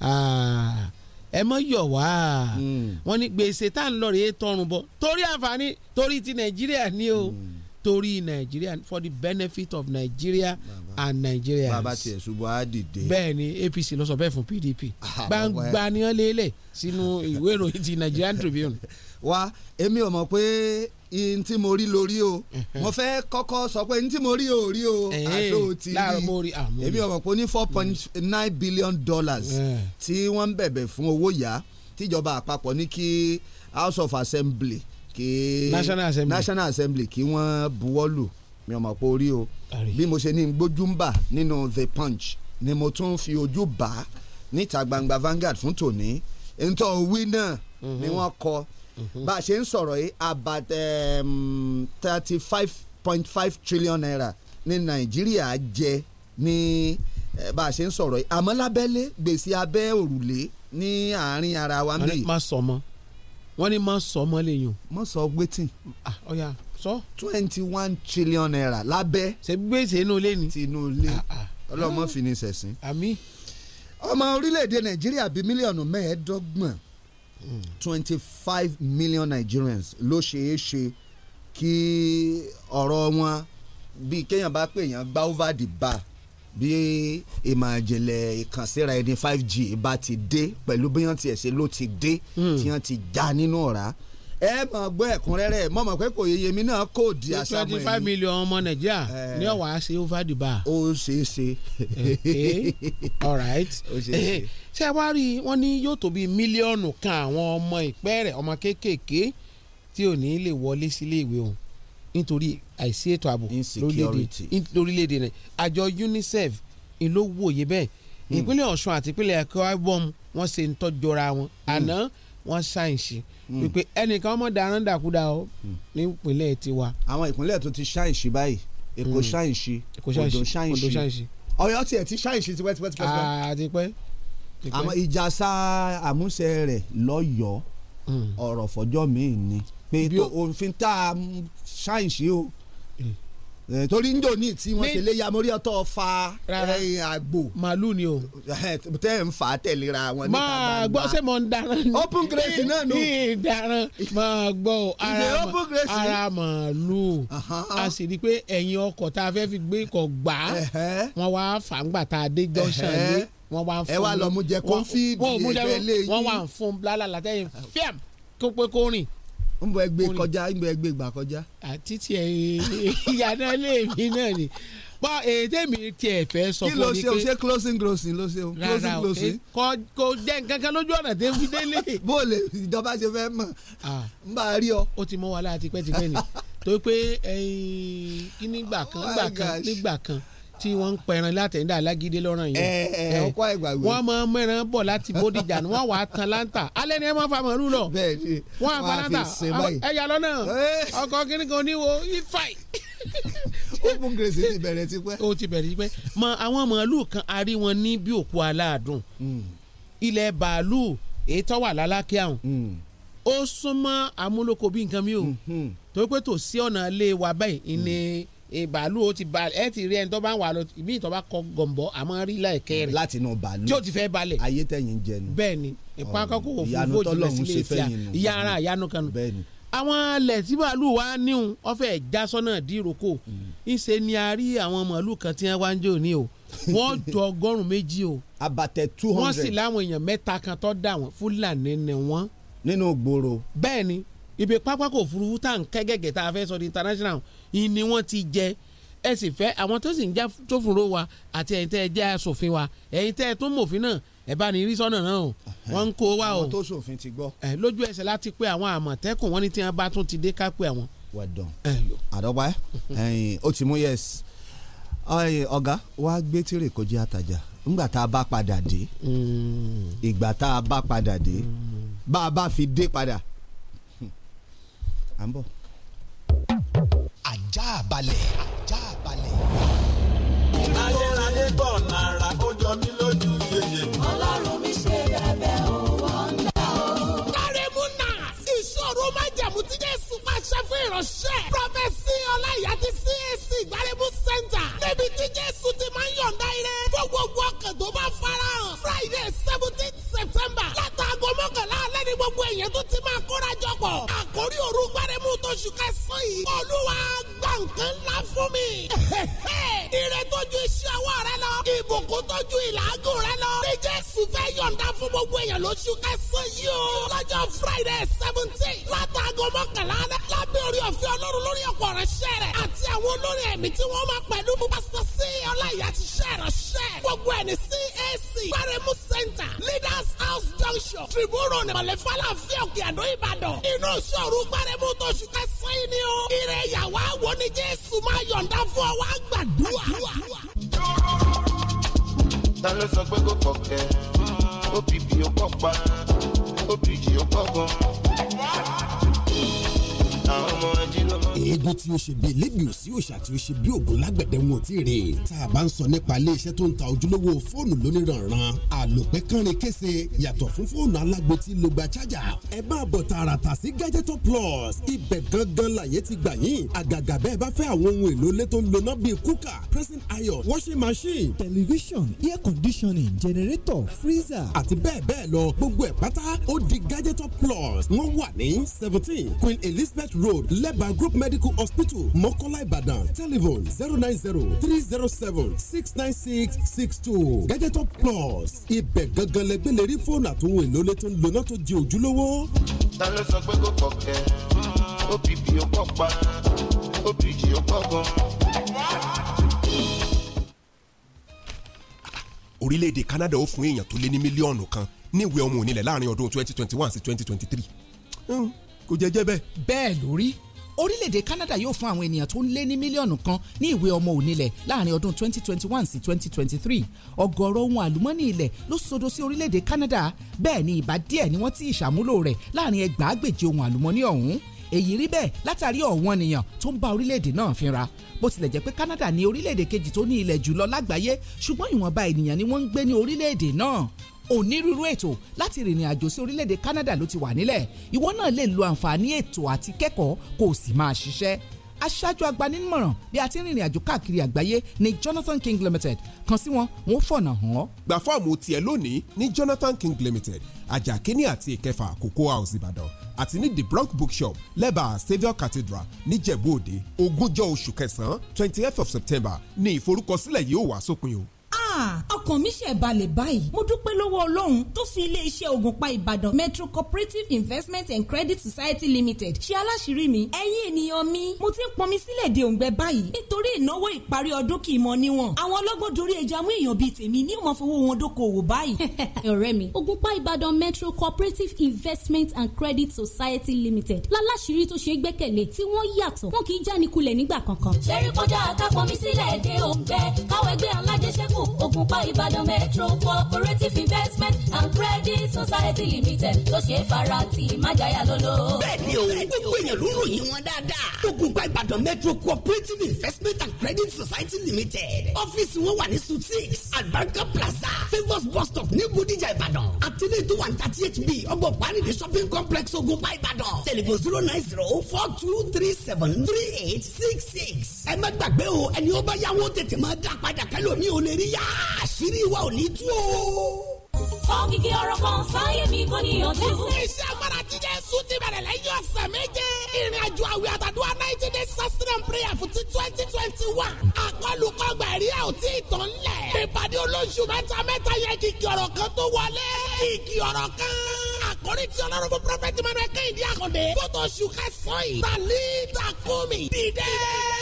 Ah, ẹ mọ yọ wá hmm. wọn ní gbèsè tá à ń lọ rèé tọrùn bọ torí àǹfààní torí ti nàìjíríà ni o hmm. torí nàìjíríà for the benefit of nigeria and nigerians. bàbá tiẹ̀ ṣubú á dìde. bẹ́ẹ̀ apc lọ sọ bẹ́ẹ̀ fún pdp ah, gbangba ni wọ́n lélẹ̀ sínú ìwé ìròyìn ti nigerian tribune. wa èmi ò mọ̀ pé ihun tí mo rí lórí o mhm. mo fẹ́ kọ́kọ́ sọ pé ihun tí mo rí o rí o eh, àṣọ ti rí èmi ọ̀rọ̀ pé ó ní four point mm. nine billion dollars eh. tí wọ́n ń bẹ̀bẹ̀ fún owó yá tíjọba àpapọ̀ ní kí House of Assembly kí National Assembly National Assembly kí wọ́n buwọ́ lù mi ò mọ̀ pé orí o bí mo ṣe ní gbójú ń bà nínú The Punch ni mo tún fi ojú bà níta gbangba Vanguard fún tòní ntọ́ wí náà ni mhm. wọ́n kọ Mm-hmm. bá a ṣe ń sọ̀rọ̀ yìí about um, thirty five point five trillion naira ní nàìjíríà jẹ ní eh, bá a ṣe ń sọ̀rọ̀ yìí àmọ́ lábẹ́lé gbèsè abẹ́ òrùlé ní àárín ara wa mi. má sọ mọ́ wọ́n ní má sọ mọ́ lẹ́yìn o. sọ wetin. ọ̀ya ah, sọ. twenty one trillion naira lábẹ́. ṣe gbèsè inú ilé ni. ti inú ilé ah, ah. ọlọ́mọ fi ni sẹ̀sìn. àmì. ọmọ orílẹ̀-èdè nàìjíríà bíi mílíọ̀nù mẹ́ẹ̀ẹ́dọ́gbọ̀n twenty five million Nigerians ló ṣeé ṣe kí ọ̀rọ̀ wọn bíi kéèyàn bá pè yàn gbá over the bar bí ìmọ̀ àjẹlẹ̀ ìkànsíra ẹni five g bá ti dé pẹ̀lú bí wọ́n ti ẹ̀ ṣe ló ti dé hmm. tí wọ́n ti já nínú ọ̀rá ẹ mọ̀ gbọ́ ẹ̀kúnrẹ́rẹ́ mọ̀ mọ̀ pé kò yẹ yẹmi náà kò di àṣà mọ̀ yìí. twenty five million ọmọ nàìjíríà ní ọ̀wá ṣe over the bar. ó ṣeé ṣe. all right ṣé ẹ wá rí i wọ́n ní yóò tó bíi mílíọ̀nù kan àwọn ọmọ ìpẹ́ẹ̀rẹ̀ ọmọ kéékèèké tí ò ní lè wọlé sílé ìwé òun nítorí àìsí ètò ààbò lórílẹ̀‐èdè rẹ̀ àjọ UNICEF ló wòye bẹ́ẹ̀ hmm. ìpínlẹ̀ Ọ̀ṣun àti ìpínlẹ̀ Hmm. wípé ẹnìkan ọmọ darán dàkúdà o hmm. nípínlẹ̀ tiwa. àwọn ìpínlẹ̀ tó ti ṣàìṣì báyìí èkó hmm. ṣàìṣì odò ṣàìṣì ọ̀yọ́ tiẹ̀ ti ṣàìṣì tipẹ́ tipẹ́ tipẹ́. àtipẹ́. àmọ́ ìjàsá àmúṣe rẹ̀ lọ́yọ̀ọ́ ọ̀rọ̀ fọjọ́ mi-ín ni pé òfin tá a ṣàìṣì o Eh, torí ń dòní tí wọ́n ṣe léyà mórí ọtọ́ fa eh, àgbò. màálù ni o. Eh, tẹ́ ń fà á wọn níta gbangba. máa gbọ́ ṣé mo ń daran ni. open grace náà nù. ní ìdaran máa gbọ́ ara màálù. a sì rí i pé ẹ̀yìn ọkọ̀ tá a fẹ́ fi gbé kọ̀ gbà á. wọ́n wá fàǹgbà tá a dé junction lé. wọ́n wá ń fún un. ẹ wá lọ mú jẹ kó fíìdì ẹgbẹ́ lé yìí. wá ń fún un lálàlá tẹ́yìn fíàm kó pé kó rìn ń bọ ẹgbẹ́ kọjá ń bọ ẹgbẹ́ gbà kọjá. àti tiẹ̀ ìyànà lèmi náà ni bọ́ èdè mi tiẹ̀ fẹ́ sọ fún mi pé. kí ló ṣe o ṣe closing grossing ló ṣe o closing grossing. kò kò jẹ́ nǹkankan lójú ọ̀nà tó fi délé. bó o lè ìjọba ṣe fẹ́ mọ̀ n bá a rí ọ. ó ti mọ wàhálà tipẹ́tipẹ́ ni tó pé kí nígbà kan oh nígbà kan nígbà kan tí wọ́n ń pẹran látẹ̀yìndà alágídé lọ́rùn yìí. ẹ ẹ ọkọ ìgbàgbé. wọ́n máa ń mẹ́ran bọ̀ láti bódìjà ni wọ́n wàá tan láǹtà alẹ́ ni ẹ máa fa màálù lọ. bẹ́ẹ̀ni wọ́n á fa láǹtà ẹ̀yà lọ́nà eh. ọkọ̀ kíníkan oníwo ifáì. open grace ti bẹ̀rẹ̀ tipẹ́. ó ti bẹ̀rẹ̀ tipẹ́ mọ àwọn màálù kan a rí wọn ní bí òkú aláàdùn hmm. ilẹ̀ bàálù èyí tó wà lálákẹ́ àwọn hmm. ó súnmọ́ amúlòkọ bí nǹkan mi ò hmm. torí pé tòsí ọ̀nà ilé wa báyìí ni. Mm bàálù ó ti balẹ̀ ẹ ti rí ẹni tó bá ń wà lọ ibi ìtọ́ bá kọ gọ̀m̀bọ́ àmọ́ rí láìkẹ́ rẹ̀ mm, láti inú bàálù tí ó ti fẹ́ balẹ̀ ayé tẹ̀yìn jẹnu bẹ́ẹ̀ ni ìpá kọ́kọ́ wò fún fojì lọ sílé tí a ìyá ara ìyanu kanu àwọn alẹ̀ tí bàálù wa níhun ọ̀fẹ́ ìjásọ́nà díroko mm. ńṣe ni a rí àwọn màálù kan tí wọ́n wá ń jò ní o wọ́n jọ ọgọ́rùn-ún méjì o abatẹ two hundred wọ́n sì láwọn èèyàn mẹ́ta kan tó dà wọ́n fúlàní ni wọ́n nínú gbòòrò bẹ́ẹ̀ ibi pápákọ̀ òfurufú tá à ń kẹ́ gẹ̀gẹ̀ tá a fẹ́ sọ di international yìí ni wọ́n ti jẹ ẹ sì fẹ́ àwọn tó sì ń já tófùró wa àti ẹ̀yin tẹ́ ẹ jẹ́ asòfin wa ẹ̀yin tẹ́ ẹ tún mòfin náà ẹ bá ní rí náà o wọ́n ń kó wa o àwọn tó sòfin ti gbọ́. ẹ lójú ẹsẹ̀ láti pé àwọn àmọ̀tẹ́kùn wọn ní tí wọ́n bá tún ti dé ká pé àwọn. wẹ̀dọ̀n àdọ́gba ẹ̀yìn ó ti mú yes ọ̀gá wa gbé tìrè kó jẹ́ àtàjà ńgbà tá a bá padà dé mm. ìgbà tá a bá padà dé mm. bá a bá fi dé padà à ń bọ̀. ajá balẹ̀ ajá balẹ̀. adéladé bọ̀ nàrà ó jọ mí lójú yeye. ọlọ́run mi ṣe bẹ̀bẹ̀ o wọ́n ń dá o. kárẹ̀mú náà ìṣòro máa jẹ̀mú tí jésù máa ṣe fún ìránṣẹ́. prọfẹsì ọláìyá ti CAC ìgbàlẹ́mú sẹ́ńtà. níbi tí jésù ti máa ń yọ̀ǹda ire. fún gbogbo ọkàn tó bá farahàn. friday seventeen oṣù kẹsàn-án yìí olúwa gbà nǹkan ńlá fún mi. ire tójú iṣẹ́ ọwọ́ rẹ lọ ìbùkún tójú ìlàgùn rẹ lọ ní jésù yọ̀ǹda fún gbogbo èèyàn lóṣù kẹsàn yìí o lọ́jọ́ friday seventeen látàgọ́ mọ́kànlá náà lábẹ́ orí ọ̀fẹ́ ọlọ́run lórí ọ̀pọ̀ ránṣẹ́ rẹ̀ àti àwọn olórí ẹ̀mí tí wọ́n máa pẹ̀lú pásítọ̀ sí ọláìyá ti ṣe ránṣẹ́ gbogbo ẹni CAC gbaremu center leaders house junction tribune nìmọ̀lẹ́ falafel òkè àdó ìbàdàn inú ìṣòro gbaremu tó ṣù kẹsàn yìí ni ó ire ìyàwó àwọn ní jésù máa yọ̀ǹda fún ọ wá gbàdúrà. ta ló sọ pé kó kọ̀kẹ́ ó bìbì ó kọ̀ pa ó bìjì ó kọ̀ gan. eégún tí ó ṣe bí elébi ò sí òòṣà tí ó ṣe bí ògùn lágbẹ̀dẹ wọn ò tí ì rè tá a bá ń sọ nípa iléeṣẹ́ tó ń ta ojúlówó fóònù lóníranran àlòpẹ́ kánrin kése yàtọ̀ fún fóònù alágbo tí ló gba chájà ẹ bá bọ̀ tààràtà sí gadgetor plus ibẹ̀ gangan làyè ti gbà yín àgàgà bẹ́ẹ̀ bá fẹ́ àwọn ohun èlò ilé tó ń lona bíi kúkà pressing iron washing machine television air conditioning generator freezer àti bẹ́ẹ̀ bẹ́ẹ̀ lọ gbogbo ẹ̀ pátá ó di gadgetor plus wọ́n wà ní seventeen queen elizabeth road lẹ́bàá group medical medical hospital mọ́kọ́lá ìbàdàn telephone zero nine zero three zero seven six nine six six two gadgetop plus ibẹ̀ gangan lẹgbẹ́ lè rí fóònù àtúnwò ìlólé tó ń lona tó di ojúlówó. ta ló sọ pé kò kọ̀kẹ́ òbíbi ó kọ́ pa òbíjì ó kọ́ gan. orílẹ̀-èdè Canada ó fún èèyàn tó lé ní mílíọ̀nù kan níwèé ọmọ onílẹ̀ láàrin ọdún twenty twenty one sí twenty twenty three hmm, kò jẹ́jẹ́ bẹ́ẹ̀. bẹ́ẹ̀ lórí orílẹ̀-èdè Canada yóò fún àwọn ènìyàn tó ń lé ní mílíọ̀nù kan ní ìwé ọmọ onílẹ̀ láàrin ọdún 2021 sí 2023 ọ̀gọ̀ọ̀rọ̀ ohun àlùmọ́nì ilẹ̀ ló sodo sí orílẹ̀-èdè Canada bẹ́ẹ̀ ni ìbá díẹ̀ ni wọ́n ti ìṣàmúlò rẹ̀ láàrin ẹgbàágbèje ohun àlùmọ́nì ọ̀hún èyí rí bẹ́ẹ̀ látàrí ọ̀wọ́n ènìyàn tó ń bá orílẹ̀-èdè náà fínra bó tilẹ̀ jẹ́ pé Canada ni orílẹ̀-èdè kejì tó ní ilẹ̀ jùlọ lágbàáyé ṣùgbọ́n ìwọ̀nba ènìyàn ni wọ́n ń gbé ní orílẹ̀-èdè náà onírúurú ètò láti rìnrìn àjò sí orílẹ̀-èdè Canada ló ti wà nílẹ̀ ìwọ náà lè lo àǹfààní ètò àti kẹ́kọ̀ọ́ kó o sì máa ṣiṣẹ́ aṣáájú agbanímọ̀ràn bí a ti ń rìnrìn àjò káàkiri àgbáyé ní Jonathan King Limited kan sí wọn wọn fọ̀nà hàn án. gba fọ́ọ̀mù tiẹ̀ lónìí ní Jonathan King Limited ajakini àti ìkẹfà Cocoa House Ìbàdàn àti ní the Bronx Bookshop lẹ́bàá Saviour Cathedral níjẹ̀bú òde ogúnjọ́ oṣù kẹsàn-án twenty eight of September ni ìforúkọsílẹ̀ yìí ó wà sópin o ọkàn mi ṣe balẹ̀ báyìí mo dúpẹ́ lọ́wọ́ ọlọ́run tó fi iléeṣẹ́ ògùnpa ìbàdàn metro cooperative investment and credit society limited ṣe aláṣírí mi ẹ̀yin ènìyàn mi mo ti ń pọnmi sílẹ̀ de òǹgbẹ báyìí nítorí ìnáwó ìparí ọdún kì í mọ níwọ̀n àwọn ọlọ́gbọ́n dorí ẹja mú èèyàn bíi tèmi ní ìmọ̀ fowó wọn dókòwò báyìí. ọ̀rẹ́ mi ògùnpa ìbàdàn metro cooperative investment and credit society limited láláṣírí tó ṣe é gbẹ́kẹ̀lé tí wọ́n yàtọ̀ wọn kì í jánikulẹ̀ nígbà kankan. ṣe rí kọjá àtàkùn mi sílẹ̀ de òǹgbẹ káwọ́ ẹgbẹ́ alájẹsẹ́kù ògùnpá ìbàdàn metro cooperative investment and credit society limited tó ṣe é fara ti ìmájàyà lólo. bẹ́ẹ̀ni o gbogbo èèyàn ló ròyìn wọn dáadáa ògùnpá ìbàdàn metro cooperative investment and credit society limited ọ́fíìsì wọn wà ní suite six albarka plaza favours bus stop ní bodijà ìbàdàn àtẹlẹ tó wà ní thirty eight b ọgbọ̀n paride shopping complex ògùnpá ìbàdàn tẹlifon zero nine zero four two three seven three eight six six ẹ má gbàgbé o ẹni ó bá yáwó tètè máa dá padà kẹ́lò ní olè rí àṣírí wa ò ní tú o. Ògìgì ọ̀rọ̀ kan sáyé mi kò níyànjú. Iṣẹ́ agbára tí Jésù ti bẹ̀rẹ̀ lẹ́yìn ọ̀sẹ̀ méje. Ìrìn àjò àwẹ̀ àtàdúrà ninety days fasting and prayer fún ti twenty twenty one. Àkọlùkọgbà ẹ̀rí ẹ̀ ò tí ì tán lẹ̀. Ìpàdé olóṣù mẹ́ta mẹ́ta yẹ kìkì ọ̀rọ̀ kan tó wọlé. Kìkì ọ̀rọ̀ kan àkórí tí ọlọ́run fún prọfẹ̀tì Emmanuel Kẹ́hìndé Àkàndé fótó ṣù ká sọ yìí tàlí takumi dìde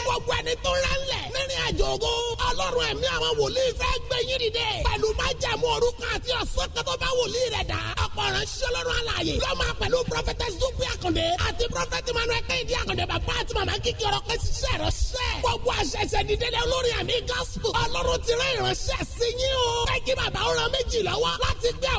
gbogbo ẹni tó rà ńlẹ̀ nínú àjò ogo ọlọ́run ẹ̀mí àwọn wòlíì fẹ́ gbẹ̀yìn dìde pẹ̀lú májàmú orúkọ àti ọ̀sán kẹtọ bá wòlíì rẹ̀ dá ọ̀pọ̀ ránṣẹ́ ọlọ́run alààyè lọ́mọ pẹ̀lú prọfẹ̀tì Zupi Àkàndé àti prọfẹ̀tì gospel ọlọ́run ti rẹ́ ìránṣẹ́ sí yín o ẹ kí bàbá ó ran méjì lọ́wọ́ láti gbé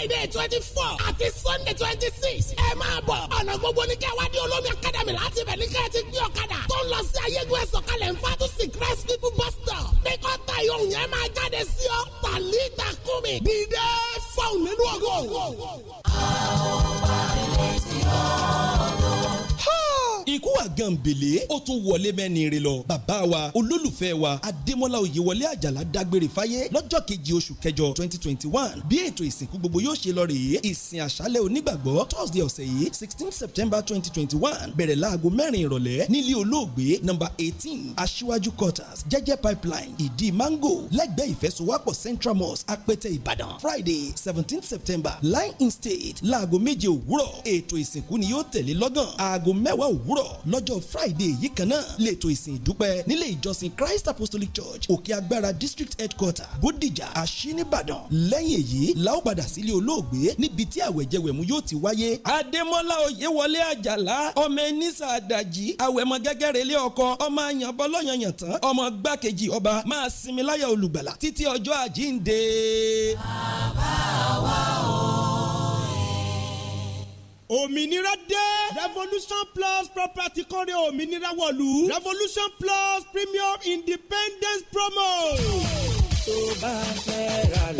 friday twenty four àti sunday twenty six ẹ máa bọ̀ ọ̀nà gbogbo ní kẹwàá di olómi akadami láti bẹ̀ ní kẹ́ ẹ ti gbé ọ̀kadà tó ń lọ sí ayégun ẹ̀sọ̀ kalẹ̀ ń fatu sí christ people bus stop ní kọ́ta yòówù yẹn máa jáde sí ọ tàlí takumi dídé fọ́ọ̀n nínú ògo. àwọn ọba ilé ti ọ̀dọ́ ikú àgànbèlé ó tún wọlé mẹ́ni rè lọ bàbá wa olólùfẹ́ wa adémọ́lá oyèwọlé àjàlá dágbére fáyé lọ́jọ́ kejì oṣù kẹjọ twenty twenty one bí ètò ìsìnkú gbogbo yóò ṣe lọ rèé ìsìn àṣálẹ̀ onígbàgbọ́ thursday ọ̀sẹ̀ yìí sixteen september twenty twenty one bẹ̀rẹ̀ láago mẹ́rin ìrọ̀lẹ́ nílé olóògbé number eighteen aṣíwájú quarters jẹ́jẹ́ pipeline ìdí mango lẹ́gbẹ̀ẹ́ ìfẹsowápọ̀ central mosque apẹtẹ ìbàdàn friday seventeen september line in state láago méje òwúrọ̀ ètò ìsìnkú ni yóò tẹ̀lé lọ́gán aago mẹ́wàá òwúrọ̀ òwúrọ̀ lọ́jọ́ friday yìí kan náà lẹ́tọ̀ ìsìn ìdúpẹ́ nílé ìjọsìn christ apostolic church òkè agbára district headquarter bódìjà àṣínìbàdàn lẹ́yìn èyí la ó padà sílé olóògbé níbi tí àwẹ̀jẹwẹ̀mú yóò ti wáyé. adémọ́lá oyèwọlé àjàlá ọmọ ẹnisa àdàjì àwẹ̀mọ gẹ́gẹ́rẹ́ ilé ọkọ ọmọ àyànbọ́ lọ́yànyàn tán ọmọ gbákejì ọba máa sinmi láyà olùgbàlà títí ọjọ́ àjíǹde. bàbá wa òmìnira dé revolution plus property kọ́rẹ́ òmìnira wọ̀lú revolution plus premium independence promo. tó bá fẹ́ ra lọ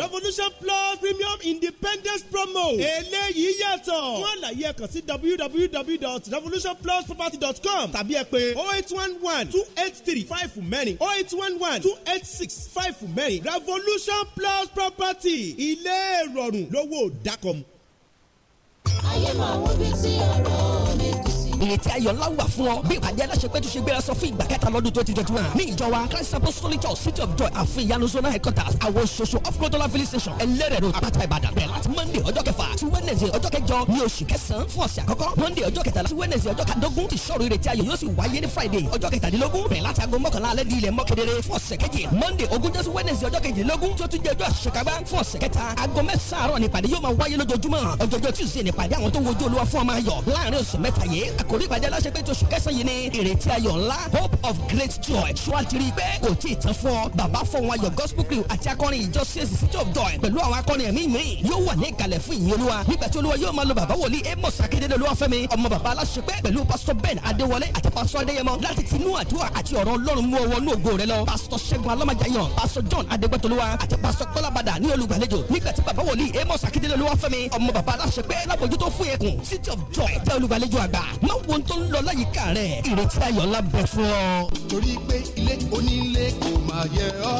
revolution plus premium independence promo. eléyìí yàtọ̀. fún àlàyé ẹ kàn sí www.revolutionplusproperty.com tàbí ẹ pè oh eight one one two eight three five for many. oh eight one one two eight six five for many. revolution plus property ilé ìrọ̀rùn lówó dákọ̀mù. ayé máa wọ́n bí tí ọ̀rọ̀ mi ìrètí you, ńlá wà fún ọ bí ìpàdé aláṣepẹ́ tó ṣe gbéra sọ fún ìgbà kẹta lọ́dún twenty twenty one ní ìjọ Christ apostolic church city of joy àfin ìyanu zona headquarters àwọn ṣoṣo off road dollar filling station ẹlẹ́rẹ̀ road àpáta ìbàdàn bẹ̀rẹ̀ láti monday ọjọ́ kẹfà sí wednesday ọjọ́ kẹjọ ní oṣù kẹsàn-án fún ọ̀sẹ̀ àkọ́kọ́ monday ọjọ́ kẹtàlá ti wednesday ọjọ́ kadógún ti ṣọ́ọ̀rù ìrètí ayọ̀ yóò sì wáyé ní friday ọjọ́ kẹtàdínlógún bẹ̀rẹ̀ láti aago di monday tuesday àkórí ìpàdé aláṣẹpẹ́ tó oṣù kẹsàn-án yìí ni ìrètí ayọ̀ ńlá hope of great joy ṣọ́àtìrí pé kò tí ì tán fún ọ bàbá fún wọn ayọ̀ gospel crew àti akọrin ìjọ csc city of joy pẹ̀lú àwọn akọrin ẹ̀mí mi yóò wà ní ìkàlẹ̀ fún ìyìn olúwa nígbà tí olúwa yóò máa lo bàbá wòlíì amos akíndélé olúwafẹ́mi ọmọ bàbá aláṣẹpẹ́ pẹ̀lú pastor ben adéwọlé àti pastor adéyẹmọ láti tinú àdúrà àti ọ̀rọ̀ ọlọ́run mú ọwọ́ lọ pastor ṣẹ́gun alámájàyàn pastor john adégbẹ́tolúwa àti pastor kọ́lábàdà ní olùgbàlejò nígbà tí bàbá wòlíì amos akíndélé olúwafẹ́mi ọmọ bàbá aláṣẹpẹ́ lábòjútó fún ẹkùn city of joy jẹ́ olùgbàlejò àgbà ohun tó ń lọ láyìíká rẹ̀ ìrètí ayọ̀ ńlá bẹ fún ọ. torí pé ilé onílé kò máa yẹ ọ́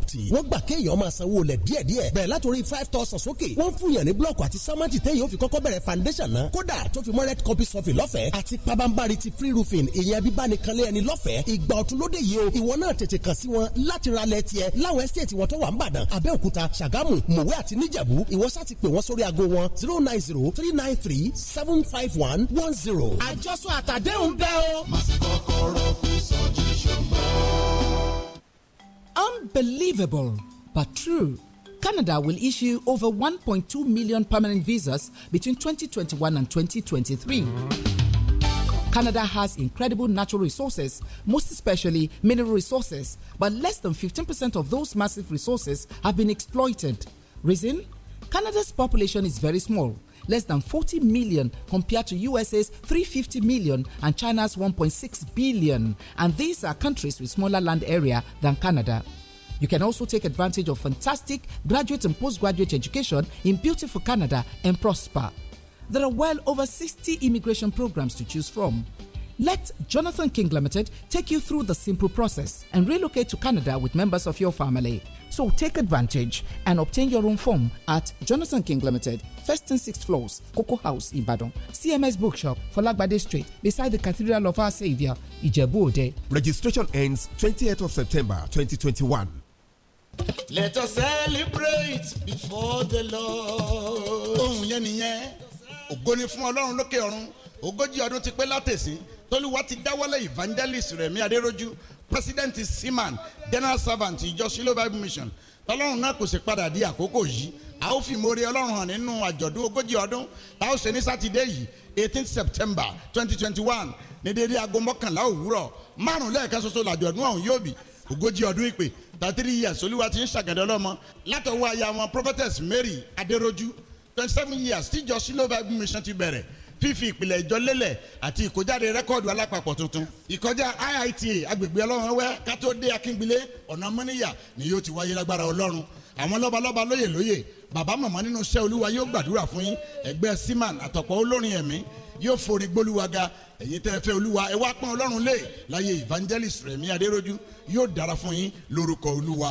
property wọ́n gbà kéèyàn máa sanwó lẹ̀ díẹ̀díẹ̀ bẹ̀rẹ̀ látòrí five thousand sókè wọ́n fún yàn ní blọ́ọ̀kù àti sámẹ́ǹtì téèyàn fi kọ́kọ́ bẹ̀rẹ̀ foundation náà kódà tó fi mọ́ red copy sọ́fì lọ́fẹ̀ẹ́ àti pabambari ti free roofing ìyẹn bí bá ní kanlé ẹni lọ́fẹ̀ẹ́ ìgbà ọ̀tun lóde yìí o ìwọ náà tètè kàn sí wọn láti ra lẹ̀ tiẹ̀ láwọn estate wọn tó wà ń bàdàn abẹ́òkúta ṣàgámù mọ̀wé àti níjẹ̀bú ìwọ sá pè wọ́n sórí aago wọn zero nine zero three nine three seven five one one zero. àjọsọ àtàdéhùn bẹ́ẹ̀ o. màsí kọ́kọ́rọ́ kù sọ́jí ṣùgbọ́n. Unbelievable, but true. Canada will issue over 1.2 million permanent visas between 2021 and 2023. Canada has incredible natural resources, most especially mineral resources, but less than 15% of those massive resources have been exploited. Reason? Canada's population is very small, less than 40 million compared to USA's 350 million and China's 1.6 billion. And these are countries with smaller land area than Canada. You can also take advantage of fantastic graduate and postgraduate education in beautiful Canada and prosper. There are well over 60 immigration programs to choose from let Jonathan King Limited take you through the simple process and relocate to Canada with members of your family. So take advantage and obtain your own form at Jonathan King Limited, first and sixth floors, Coco House, in Badon, CMS Bookshop, for Falagbade Street, beside the Cathedral of Our Savior, Ijebu Ode. Registration ends 28th of September 2021. Let us celebrate before the Lord. Oh yeah, yeah. ògo ni fún ogójì ọdún ti pé látẹ̀sí tolúwa ti dáwọ́lé evangelist Rẹ̀mí Adéròjú president siman general servant ìjọ Shiloh Bible Mission tọ́lọ́run náà kò sì padà di àkókò yìí a ó fi mórè ọlọ́run hàn nínú àjọ̀dún ogójì ọdún a ó ṣe ní sátidé yìí eighteen september twenty twenty one ní déédéé aago mọ́kànlá òwúrọ̀ márùn lẹ́ẹ̀kan ṣoṣo làjọ̀dún ọ̀hún yóò bì ogójì ọdún ìpè thirty years olúwa ti ń ṣàgàdọ́ lọ́mọ látọwọ́ aya wọn prophetess mary adéròjú twenty seven years tíjọ Shiloh Bible Mission ti bẹ̀rẹ̀ fífi ìpìlẹ̀ ìjọ lélẹ̀ àti ìkójáde rẹ́kọ́ọ̀dù alápapọ̀ tuntun ìkọjá IITA agbègbè ọlọ́run wẹ́ kátódé akíngbélé ọ̀nà mọ́níyà ni yóò ti wáyé lágbára ọlọ́run àwọn lọ́balọ́ba lóyè lóyè bàbá màmá nínú iṣẹ́ olúwa yóò gbàdúrà fún yín ẹgbẹ́ siman àtọ̀pọ̀ olórin ẹ̀mí yóò forí gbólúwaga ẹ̀yin tẹ́ fẹ́ olúwa ẹ wá pọ́n ọlọ́run lé láyé evangelist rẹ̀mí adéròjú yóò dára fún yín lórúkọ olúwa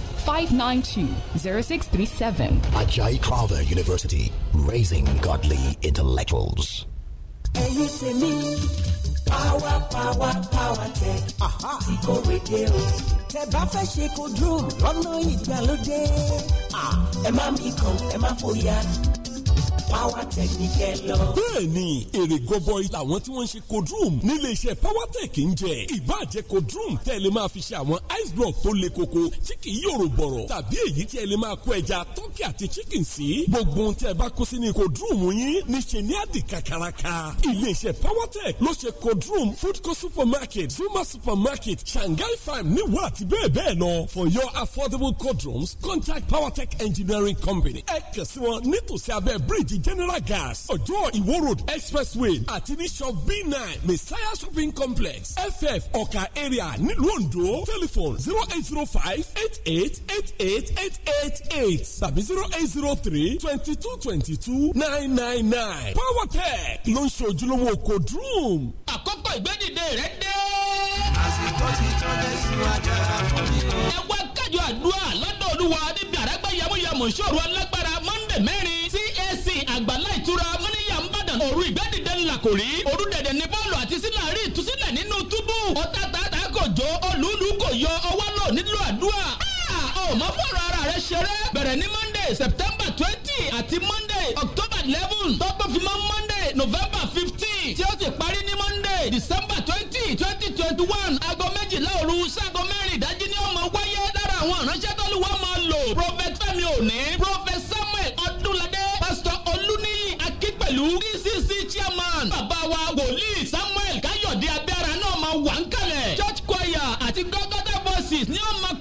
592-0637. Ajay Crowther University, raising godly intellectuals. power power power tech tí kò rédè o. tẹ bá fẹ́ ṣe kó dúró lọ́nà ìgbàlódé. Ah, má mi kàn ẹ má fòyà powertech ní kẹ́ lọ. bẹ́ẹ̀ni èrè gọbọi làwọn tí wọ́n ń ṣe coldroom nílé powertech ń jẹ ìbàjẹ́ coldroom tẹ́ ẹ lè máa fi ṣe àwọn ice block tó le koko tí kì í yòrò bọ̀rọ̀ tàbí èyí tí ẹ lè máa kó ẹja tọ́kì àti chicken sí gbogbo ohun tí ẹ bá kó sínú coldroom yín níṣẹ́ ní àdìkà kàràkà ilé powertech ló ṣe coldroom foodco supermarket zuma supermarket shanghai farm níwọ̀ àti bẹ́ẹ̀ bẹ́ẹ̀ lọ for your affordable coldrooms contact powertech engineering company ẹ kàn sí wọn nítòsí abẹ́ bridge bíríìjì general gas ọjọ́ ìwó road expressway àti ní shop b nine messiah shopping complex ff ọ̀kà area nílùú ondo telephone zero eight zero five eight eight eight eight eight eight eight tàbí zero eight zero three twenty two twenty two nine nine nine powertech ló ń ṣe ojúlówó oko drum. àkókò ìgbẹ́dìde rẹ̀ dé. àsìkò ti tọ́jú síwájú àfọ̀ ẹ wá kájọ àdúrà lọ́dọ̀ olúwa níbi àràgbá yamuyamu ṣòro alágbára monday mẹ́rin CAC àgbàlá ìtura múníyà ń bàdàn òru ìgbẹ́dìde ńlá kò rí òru dẹ̀dẹ̀ ní bọ́ọ̀lù àti sílà rí ìtúsílẹ̀ nínú túbú ọ̀tá tààtà kò jó olúùlú kò yọ ọwọ́ lò nílò àdúrà ah, ò mọ ara rẹ ṣeré bẹ̀rẹ̀ ní monday september twenty àti monday october eleven tọ́pọ̀ fi mọ́ monday november fifteen tí ó sì parí ní monday december twenty twenty twenty one aago méjìlá òru sago mẹ́rin ìdájí ni ó máa wáyé lára àwọn ìránṣẹ́ tó lù wọ́n máa lò prophet fẹ́mi òní prophet pẹ̀lú pcc chairman bàbá wa wòlíì samuel káyọ̀dé abẹ́ra náà máa wà ń kalẹ̀ church choir àti gọ́gọ́dá voices ni ó máa